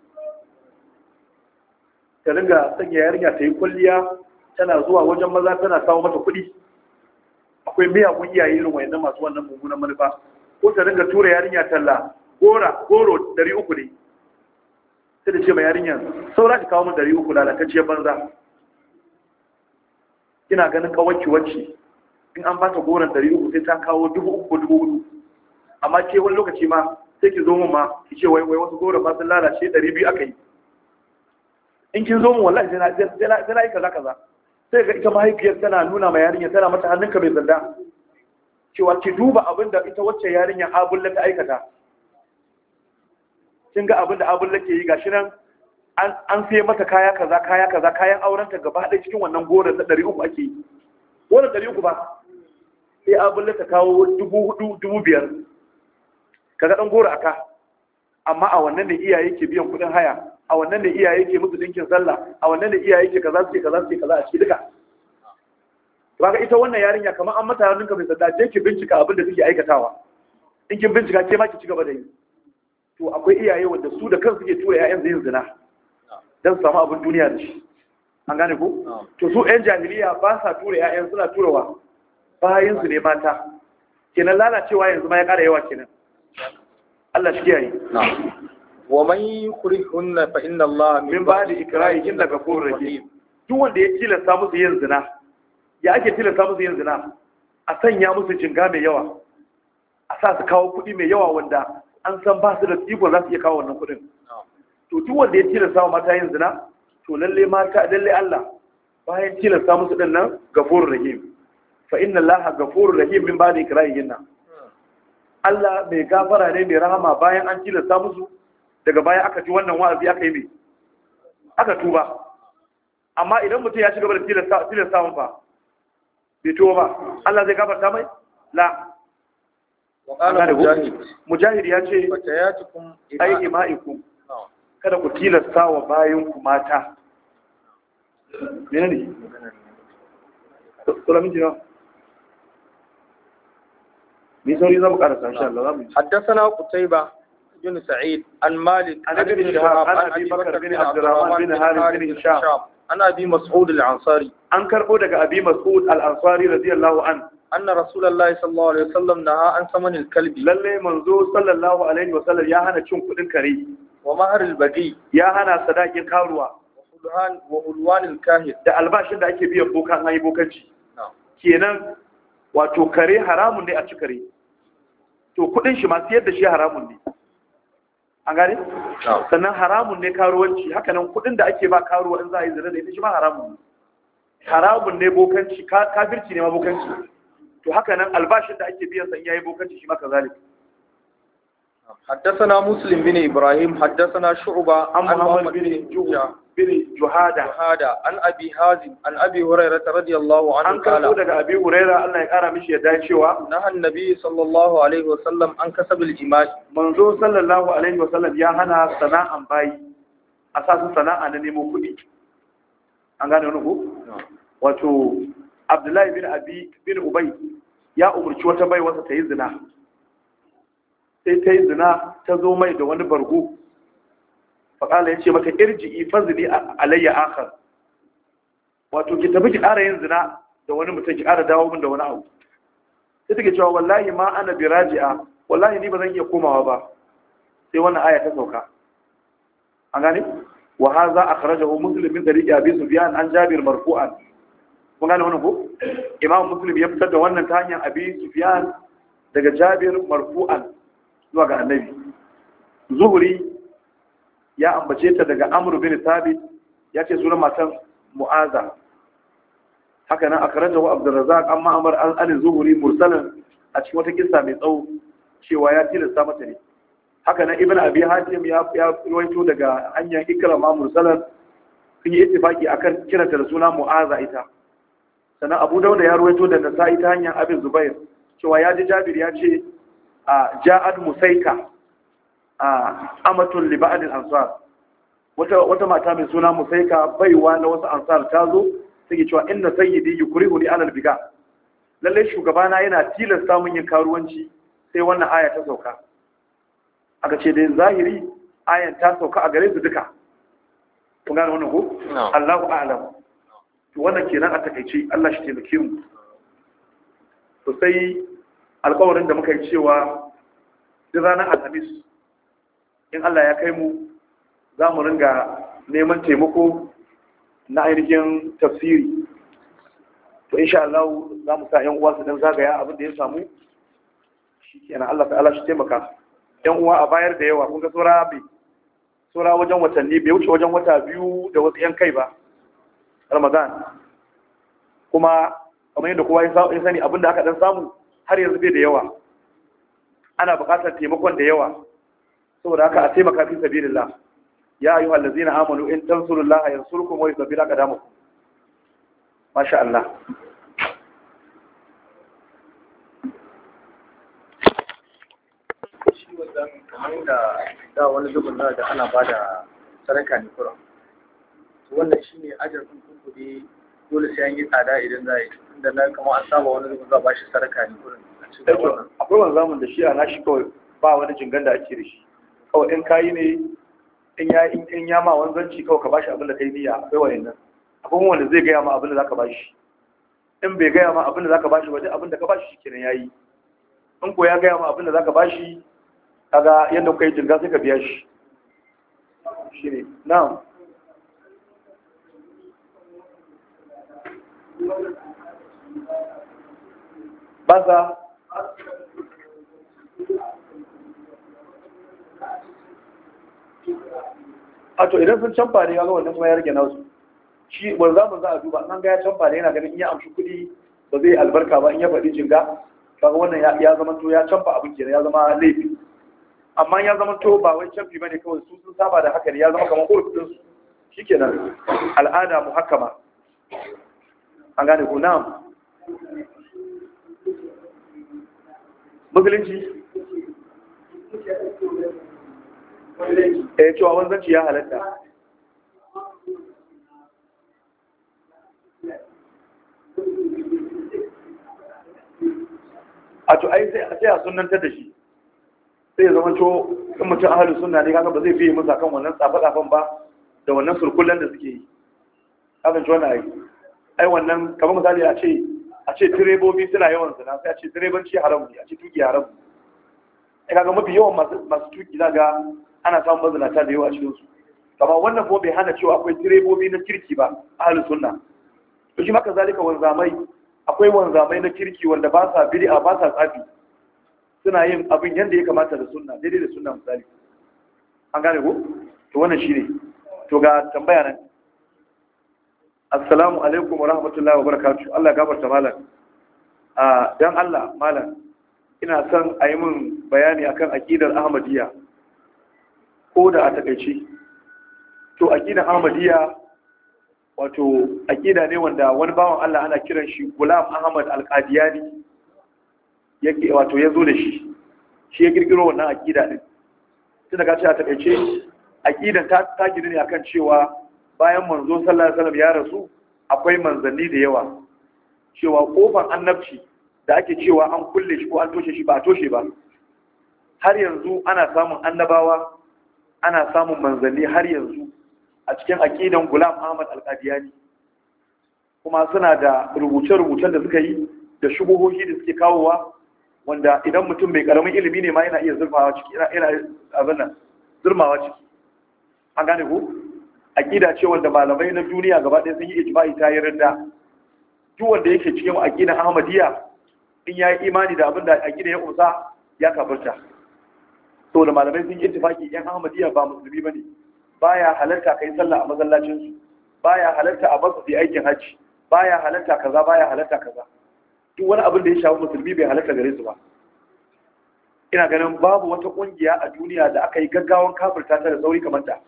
ta ringa sanya yarinya ta yi kwalliya tana zuwa wajen maza tana samu mata kuɗi akwai miyagun iyaye irin wayannan masu wannan mummunan manufa ko ta dinga tura yarinya talla gora goro 300 ne sai da ce mai yarinya saura ki kawo min 300 lalatacciyar banza ina ganin kawaki wacce in an ba ta goron 300 sai ta kawo 3,000 amma ke wani lokaci ma sai ki zo mu ma ki ce wai wasu goron ba sun lalace 200 aka yi in kin zo mu wallahi sai na yi kaza kaza sai ga ita mahaifiyar tana nuna ma yarinya tana mata hannunka mai sanda cewa ki duba abin da ita wacce yarinyar abulla ta aikata kin ga abin da abulla ke yi gashi nan an sai mata kaya kaza kaya kaza kayan aurenta gaba da cikin wannan gora na ɗari uku ake yi goron ɗari uku ba sai abulla ta kawo dubu dubu biyar kaga ɗan goro aka amma a wannan da iyaye ke biyan kuɗin haya a wannan da iyaye ke musu dinkin sallah a wannan da iyaye ke kaza suke kaza suke kaza a ciki duka baka ita wannan yarinya kamar an mata hannunka bai sadda je ki bincika abin da suke aikatawa in kin bincika ke ma ki ci gaba da yi to akwai iyaye wanda su da kansu suke tura ƴaƴan yin zina dan samu abin duniya da shi an gane ko to su ƴan jahiliya ba sa tura ƴaƴan suna turawa bayan su ne mata kenan lalacewa yanzu ma ya ƙara yawa kenan Allah shi kiyaye wa man yukrihunna fa inna Allah min ba'di ikrahihinna ghafurur rahim duk wanda ya kila samu yin zina ya ake tilasta musu yin zina a sanya musu jinga mai yawa a sa su kawo kuɗi mai yawa wanda an san ba su da tsigon za su iya kawo wannan kuɗin to duk wanda ya tilasta wa mata yin zina to lalle mata lalle Allah bayan tilasta musu din nan gafurur rahim fa inna allaha gafurur rahim min ba'di ikrahihin Allah mai gafara ne mai rahama bayan an tilasta musu daga baya aka ji wannan wa'azi aka yi mai aka tuba amma idan mutum ya ci gaba da tilasta mun fa bai Allah zai gafarta mai la mujahid ya ce ai ima'ikum kada ku tilasta wa bayanku mata menene kula miji na ni za mu karasa insha Allah za haddathana qutayba بن سعيد عن مالك عن ابن عبد الرحمن بن بن ana bi mas'ud al-ansari an karbo daga abi mas'ud al-ansari radiyallahu an anna rasulullahi sallallahu alaihi wasallam naha an saman al-kalbi lalle manzo sallallahu alaihi wasallam ya hana cin kudin kare wa mahar al-baqi ya hana sadakin karuwa wa ulwan al-kahir da albashin da ake biyan bokan hayi bokanci kenan wato kare haramun ne a ci kare to kudin shi ma siyar da shi haramun ne an gane sannan haramun ne karuwanci haka nan kuɗin da ake ba karuwa in za a yi zina da ita shi ba haramun ne haramun ne bokanci kafirci ne ma bokanci to haka nan albashin da ake biyan sanya yi bokanci shi ma kazalika حدثنا Ibrahim, haddasa na حدثنا an عن محمد بن juhu bin juhada juhada an abi hazim an abi huraira radiyallahu anhu an kaso daga abi huraira Allah ya kara mishi yadda cewa na annabi sallallahu alaihi wasallam an kasabil jima'i manzo sallallahu alaihi wasallam ya hana sana'an bayi a sasu sana'a na nemo kuɗi an gane wani ku wato abdullahi bin abi bin ubay ya umarci wata bai wasa ta yi zina sai ta yi zina ta zo mai da wani bargo faƙala ya ce mata irji ifazili alayya akhar wato ki tafi ki ƙara yin zina da wani mutum ki ƙara dawo min da wani abu sai take cewa wallahi ma ana biraji'a wallahi ni ba zan iya komawa ba sai wannan aya ta sauka an gane wa hadha akhrajahu muslim min tariqi abi sufyan an jabir marfu'an kun gane wannan ko imam muslim ya fitar da wannan ta hanyar abi sufyan daga jabir marfu'an zuwa ga annabi zuhuri ya ambace ta daga amru bin thabit ya ce sunan matan mu'aza haka nan akarajahu abdurrazzaq amma amar al-ali zuhuri mursalan a cikin wata kissa mai tsawo cewa ya tilasta mata ne haka nan ibn abi hatim ya ya rawaito daga hanyar ikrama mursalan sun yi ittifaki akan kiranta da suna mu'aza ita sannan abu dauda ya rawaito da nasa'i ta hanyar abin zubair cewa ya ji jabir ya ce a ja'ad musaika amatun liba'adin ansar wata mata mai suna musaika baiwa na wasu ansar ta zo take cewa inna sayyidi kuri ni alal biga lalle shugabana yana tilasta mun yin karuwanci sai wannan aya ta sauka aka ce da zahiri ayan ta sauka a gare su duka kun gane wannan ko Allahu a'lam to wannan kenan a takeice Allah shi taimaki mu to sai alƙawarin da muka yi cewa da ranar Alhamis in Allah ya kai mu za mu ringa neman taimako na ainihin tafsiri to insha Allah za mu sa yan uwa su dan zagaya abin da ya samu shikenan Allah ta'ala shi taimaka yan uwa a bayar da yawa kun ga tsora bi tsora wajen watanni bai wuce wajen wata biyu da wasu yan kai ba Ramadan kuma kamar yadda kowa ya sani abin da aka dan samu har yanzu bai da yawa ana buƙatar taimakon da yawa saboda haka a taimaka fi sabilillah ya ayyuhal ladzina amanu in tansurullaha yansurkum wa yuthabbit aqdamakum masha Allah shi wannan kamar da da wani zubin da ana bada saraka ne kuran wannan shine ajarin kunkuri dole sai an yi tsada idan za a yi inda na kama an saba wani zubin za a bashi saraka ne kuran akwai wani zamun da shi a nashi kawai ba wani jingan da ake da shi kawai in kayi ne in ya in ya ma wanzanci kawai ka bashi abin da kai niyya akwai wayannan akwai wanda zai gaya ma abin da zaka bashi in bai gaya ma abin da zaka bashi wajen abin da ka bashi shikenan yayi in ko ya gaya ma abin da zaka bashi kaga yadda kuka yi jirga sai ka biya shi shine na'am ba a to idan sun canfa ne ga wannan kuma ya rage nasu shi za mu za a duba an ga ya canfa ne yana ganin in ya amshi kuɗi ba zai albarka ba in ya faɗi cinga kaga wannan ya zama to ya canfa abin kenan ya zama laifi amma ya zama to ba wai canfi bane kawai su sun saba da haka ne ya zama kamar urfin su shikenan al'ada muhakkama an gane ko na'am musulunci ce eh, cewa wanzanci ya halatta a to ai sai a sunanta da shi sai ya zama co in mutum ahalin suna ne kaka ba zai fiye musa kan wannan tsafe-tsafen ba da wannan surkullen da suke yi kafin ci wannan ai ai wannan kamar misali a ce a ce direbobi suna yawan suna sai a ce direbanci haramu ne a ce tuki haramu. ne ga mafi yawan masu tuki ga. ana samun mazinata da yawa cikin su kama wannan kuma bai hana cewa akwai direbobi na kirki ba a halin sunna to shi maka zalika wanzamai akwai wanzamai na kirki wanda ba sa a ba sa tsafi suna yin abin yadda ya kamata da sunna daidai da sunna misali an gane ko to wannan shine to ga tambaya nan assalamu alaikum wa rahmatullahi wa barakatuh Allah ya gafarta malam a ah, dan Allah malam ina son a yi min bayani akan aqidar ahmadiyya ko da a takaice to aqidan ahmadiyya wato aqida ne wanda wani bawan Allah ana kiran shi Gulam Ahmad al yake wato yazo da shi shi ya girgiro wannan aqida din tun daga cewa takaice aqidan ta ta ne akan cewa bayan manzo sallallahu alaihi wasallam ya rasu akwai manzanni da yawa cewa kofar annabci da ake cewa an kulle shi ko an toshe shi ba a toshe ba har yanzu ana samun annabawa ana samun manzanni har yanzu a cikin aƙidan Gulam Ahmad al kuma suna da rubuce-rubucen da suka yi da shugohohi da suke kawowa wanda idan mutum mai ƙaramin ilimi ne ma yana iya zurfawa ciki yana abin nan zurmawa ciki an gane ku, aƙida ce wanda malamai na duniya gaba ɗaya sun yi ijma'i ta yarda duk wanda yake cikin aƙidan Ahmadiyya in yi imani da abin da ya kusa ya kabarta da malamai sun yi tafaki yan ahmadiyya ba musulmi ba ne baya halarta ka yi sallah a su baya halarta a basu sai aikin hajji baya halarta kaza baya halarta kaza duk wani abin da ya shafi musulmi bai halarta gare su ba ina ganin babu wata kungiya a duniya da aka yi gaggawan kafirta ta da sauri kamar ta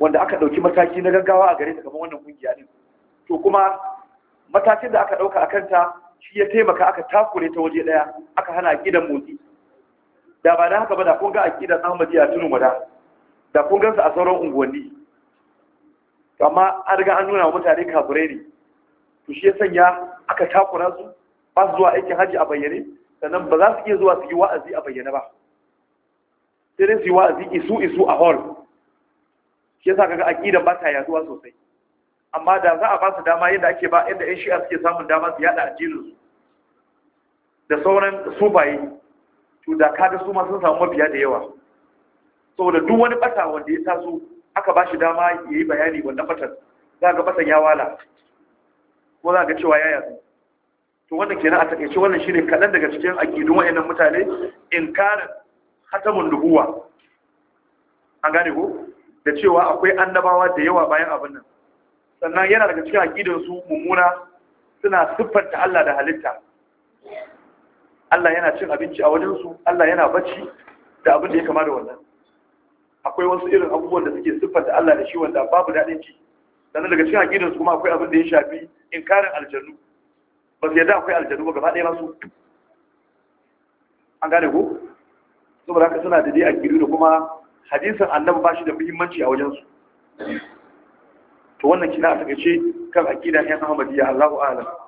wanda aka dauki mataki na gaggawa a gare ta kamar wannan kungiya din to kuma matakin da aka dauka akan ta shi ya taimaka aka takure ta waje daya aka hana gidan motsi da ba da haka ba da kun ga aƙidar Ahmadu ya tunu wada da kun gansa a sauran unguwanni amma an riga an nuna wa mutane kafirai ne to shi ya sanya aka takura su ba su zuwa aikin hajji a bayyane sannan ba za su iya zuwa su yi wa'azi a bayyane ba sai dai su yi wa'azi isu isu a hall shi yasa kaga aƙidan ba ta yaduwa sosai amma da za a ba su dama yadda ake ba yadda 'yan shi'a suke samun dama su yada addinin su da sauran sufaye to da da su ma sun samu mabiya da yawa saboda duk wani bata wanda ya taso aka ba shi dama ya yi bayani wannan batan za ga batan ya wala ko za ga cewa ya yazo to wannan kenan a takaice wannan shine kaɗan daga cikin aƙidun wa'annan mutane inkarin hatamun dubuwa. an gane ko da cewa akwai annabawa da yawa bayan abin nan sannan yana daga cikin aƙidun su mummuna suna siffanta Allah da halitta Allah yana cin abinci a wajensu Allah yana bacci da abin da ya kama da wannan akwai wasu irin abubuwan da suke siffanta Allah da shi wanda babu daɗin ci sannan daga cikin aƙidansu kuma akwai abin da ya shafi inkarin aljannu ba su yadda akwai aljannu ba gaba ɗaya masu an gane ko saboda haka suna da dai aƙidu da kuma hadisin annabi ba shi da muhimmanci a wajensu to wannan kina a takaice kan aƙidan yan ahmadiyya Allahu a'lam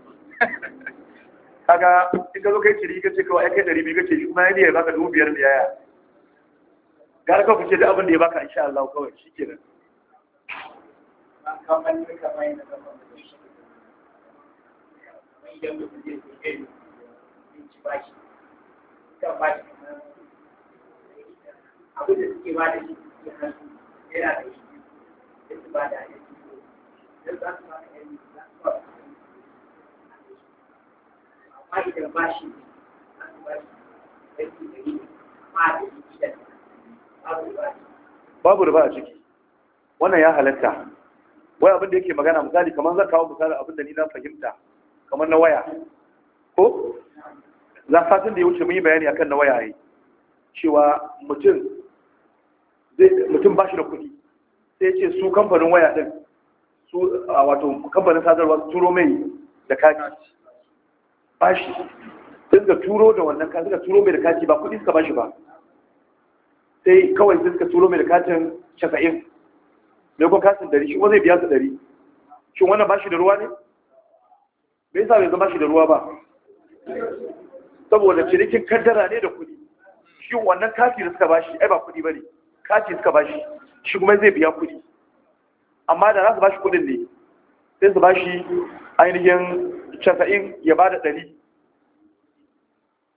kaga in ka zo kai ciri ka ce kawai kai ɗari biyu ka ce shi kuma ya ne ya baka dubu biyar biyaya gara ka fice da abin da ya baka insha Allah kawai shi ke nan. abin da suke ba da shi suke hannu yana da shi da ba da yanzu da su ba da yanzu da su ba da amma idan ba shi ne an ba shi aiki da yi amma da yi gidan babu riba a ciki wannan ya halatta wai abin da yake magana misali kamar zan kawo misali abin da ni na fahimta kamar na waya ko za fatan da ya wuce mun yi bayani akan na waya ne cewa mutum mutum ba shi da kuɗi sai ya ce su kamfanin waya din su wato kamfanin sadarwa su turo mai da kati bashi sun ga turo da wannan kan suka turo mai da kati ba kuɗi suka bashi ba sai kawai sai suka turo mai da katin casa'in mai kuma katin ɗari shi zai biya su ɗari shin wannan bashi da ruwa ne bai sa bai zama shi da ruwa ba saboda cinikin kaddara ne da kuɗi shi wannan kati da suka bashi ai ba kuɗi ba ne kati suka bashi shi kuma zai biya kuɗi amma da za su bashi kuɗin ne sai su bashi ainihin casa'in ya ba da ɗari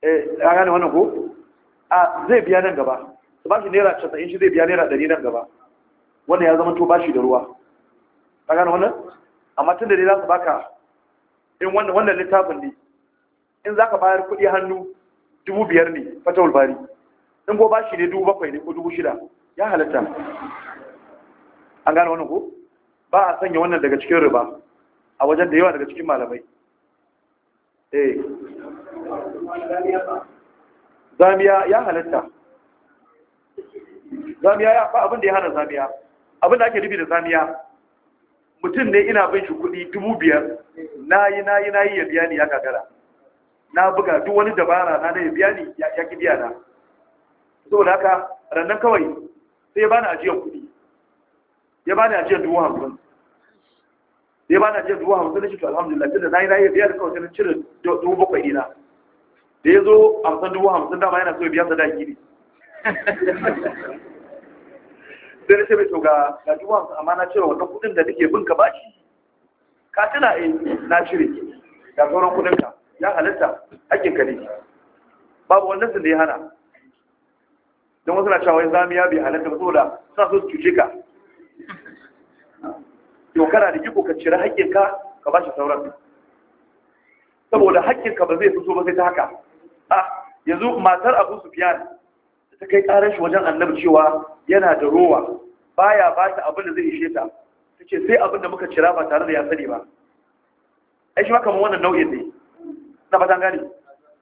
eh, a gane wannan ko a zai biya nan gaba su ba shi naira casa'in shi zai biya naira ɗari nan gaba wannan ya zama to ba shi da ruwa a gane wannan amma tun da dai za su baka in wannan littafin ne in za ka bayar kuɗi hannu dubu biyar ne fata wulbari in ko bashi ne dubu bakwai ne ko dubu shida ya halatta an gane wannan ko ba a sanya wannan daga cikin riba a wajen da yawa daga cikin malamai Eh. zamiya ya halatta zamiya ya ba abin da ya hana zamiya abin da ake nufi da zamiya mutum ne ina bin shi kudi dubu biyar na yi na yi na yi ya biya ni ya gagara na buga duk wani dabara na na ya biya ni ya ki biya na saboda haka rannan kawai sai ya bani ajiyar kudi ya bani ajiyar dubu hamsin sai ba na jiya dubu hamsin na shi to alhamdulillah tunda na yi na yi biyar kawai na cire dubu bakwai dina. da ya zo hamsin dubu hamsin dama yana so ya biya sadaki ne sai na ce mai toga ga dubu hamsin amma na cire wannan kuɗin da nake bin ka bashi ka tuna a eh, na cire da sauran kudin ka ya halitta hakkin ka ne babu wannan sun da ya hana don wasu na cewa wai zamiya bai halitta ba saboda suna so su cuce ka to kana da iko ka cire haƙƙinka ka ba shi sauran saboda haƙƙinka ba zai fito ba sai ta haka a yanzu matar abu sufiyan ta kai ƙarar shi wajen annabi cewa yana da rowa baya ba ta abin da zai ishe ta ta ce sai abin da muka cira ba tare da ya sani ba ai shi ma kamar wannan nau'in ne na fatan gane?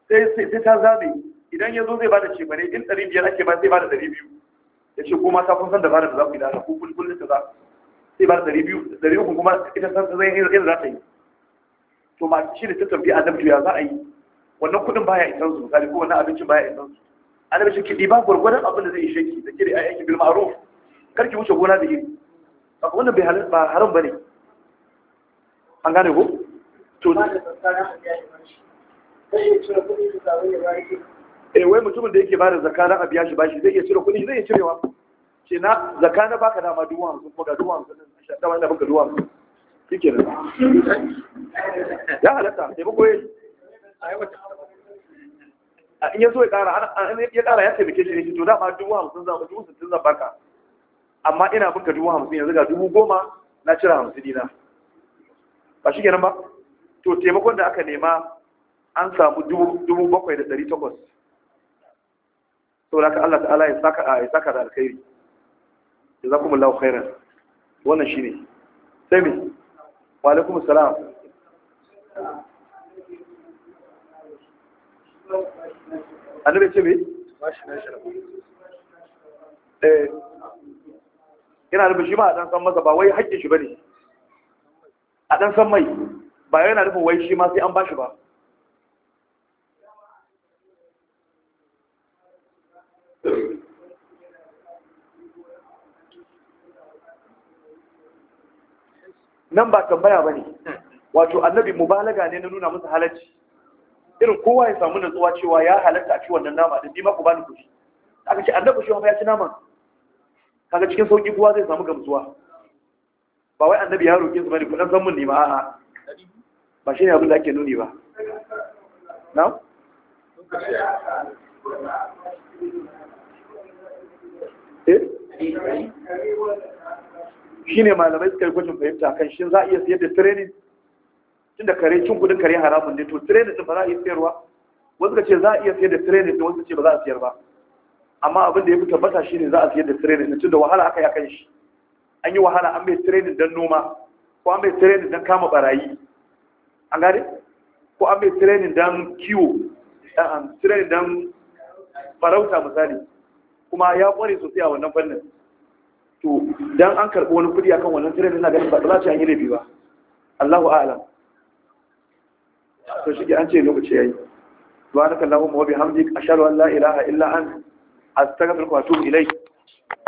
sai ta zabe idan ya zo zai ba da ce bane in ɗari biyar ake ba zai ba da ɗari biyu ya ce ko mata kun san da ba da za ku yi da ku kullum ta za sai ba ɗari biyu ɗari uku kuma ita san zai yin za ta yi to ma shi da ta tambayi annabi ya za a yi wannan kuɗin baya isan su misali ko wannan abincin baya isan su annabi shi ki ba gwargwadon abin da zai ishe ki da a ayyakin bil ma'ruf kar ki wuce gona da iri ba wannan bai haram ba haram an gane ko to eh wai mutumin da yake bada zakka na abiya shi bashi zai iya cire kuɗi zai iya cirewa ce na zakka na baka dama duwan, hamsin kuma ga dubu hamsin dama ina baka duwa shi ke ya halatta ya bako yi a in ya so ya kara ya kara ya taimake shi ne shi to dama dubu hamsin zan dubu sittin zan baka amma ina baka dubu hamsin yanzu ga dubu goma na cire hamsin dina ba shi kenan ba to taimakon da aka nema an samu dubu bakwai da ɗari takwas saboda haka Allah ta'ala ya saka da alkhairi Ya za jazakumullahu khairan wannan shi ne sami mai walaikum salam annabi ce mai eh ina rubu shi ma a ɗan san masa ba wai haƙƙin shi ba ne a ɗan san mai ba yana nufin wai shi ma sai an ba shi ba nan ba tambaya ba ne wato annabi mubalaga ne na nuna musu halarci irin kowa ya samu nutsuwa cewa ya halarta a ci wannan nama da bima ku bani kuɗi aka ce annabi shi ya ci naman kaga cikin sauki kowa zai samu gamsuwa ba wai annabi ya roƙe su bane kuɗin san mun nema a'a ba shi ne abin da ake nuni ba na? eh? ne malamai suka yi gwajin fahimta kan shi za a iya siyar da training da kare cin kudin kare haramun ne to training din ba za a iya siyarwa wasu ka ce za a iya siyar da training din wasu ce ba za a siyar ba amma abin da ya fi tabbata ne za a siyar da training din da wahala aka yi akan shi an yi wahala an mai training dan noma ko an mai training dan kama barayi an gane ko an mai training dan kiwo training dan farauta misali kuma ya kware sosai a wannan fannin to dan an karɓi wani kudi akan wannan tirenin ina ganin ba za ta yi rabi ba Allahu a'lam to shi an ce lokaci yayi subhanakallahumma wa bihamdika ashhadu an la ilaha illa anta astaghfiruka wa atubu ilayk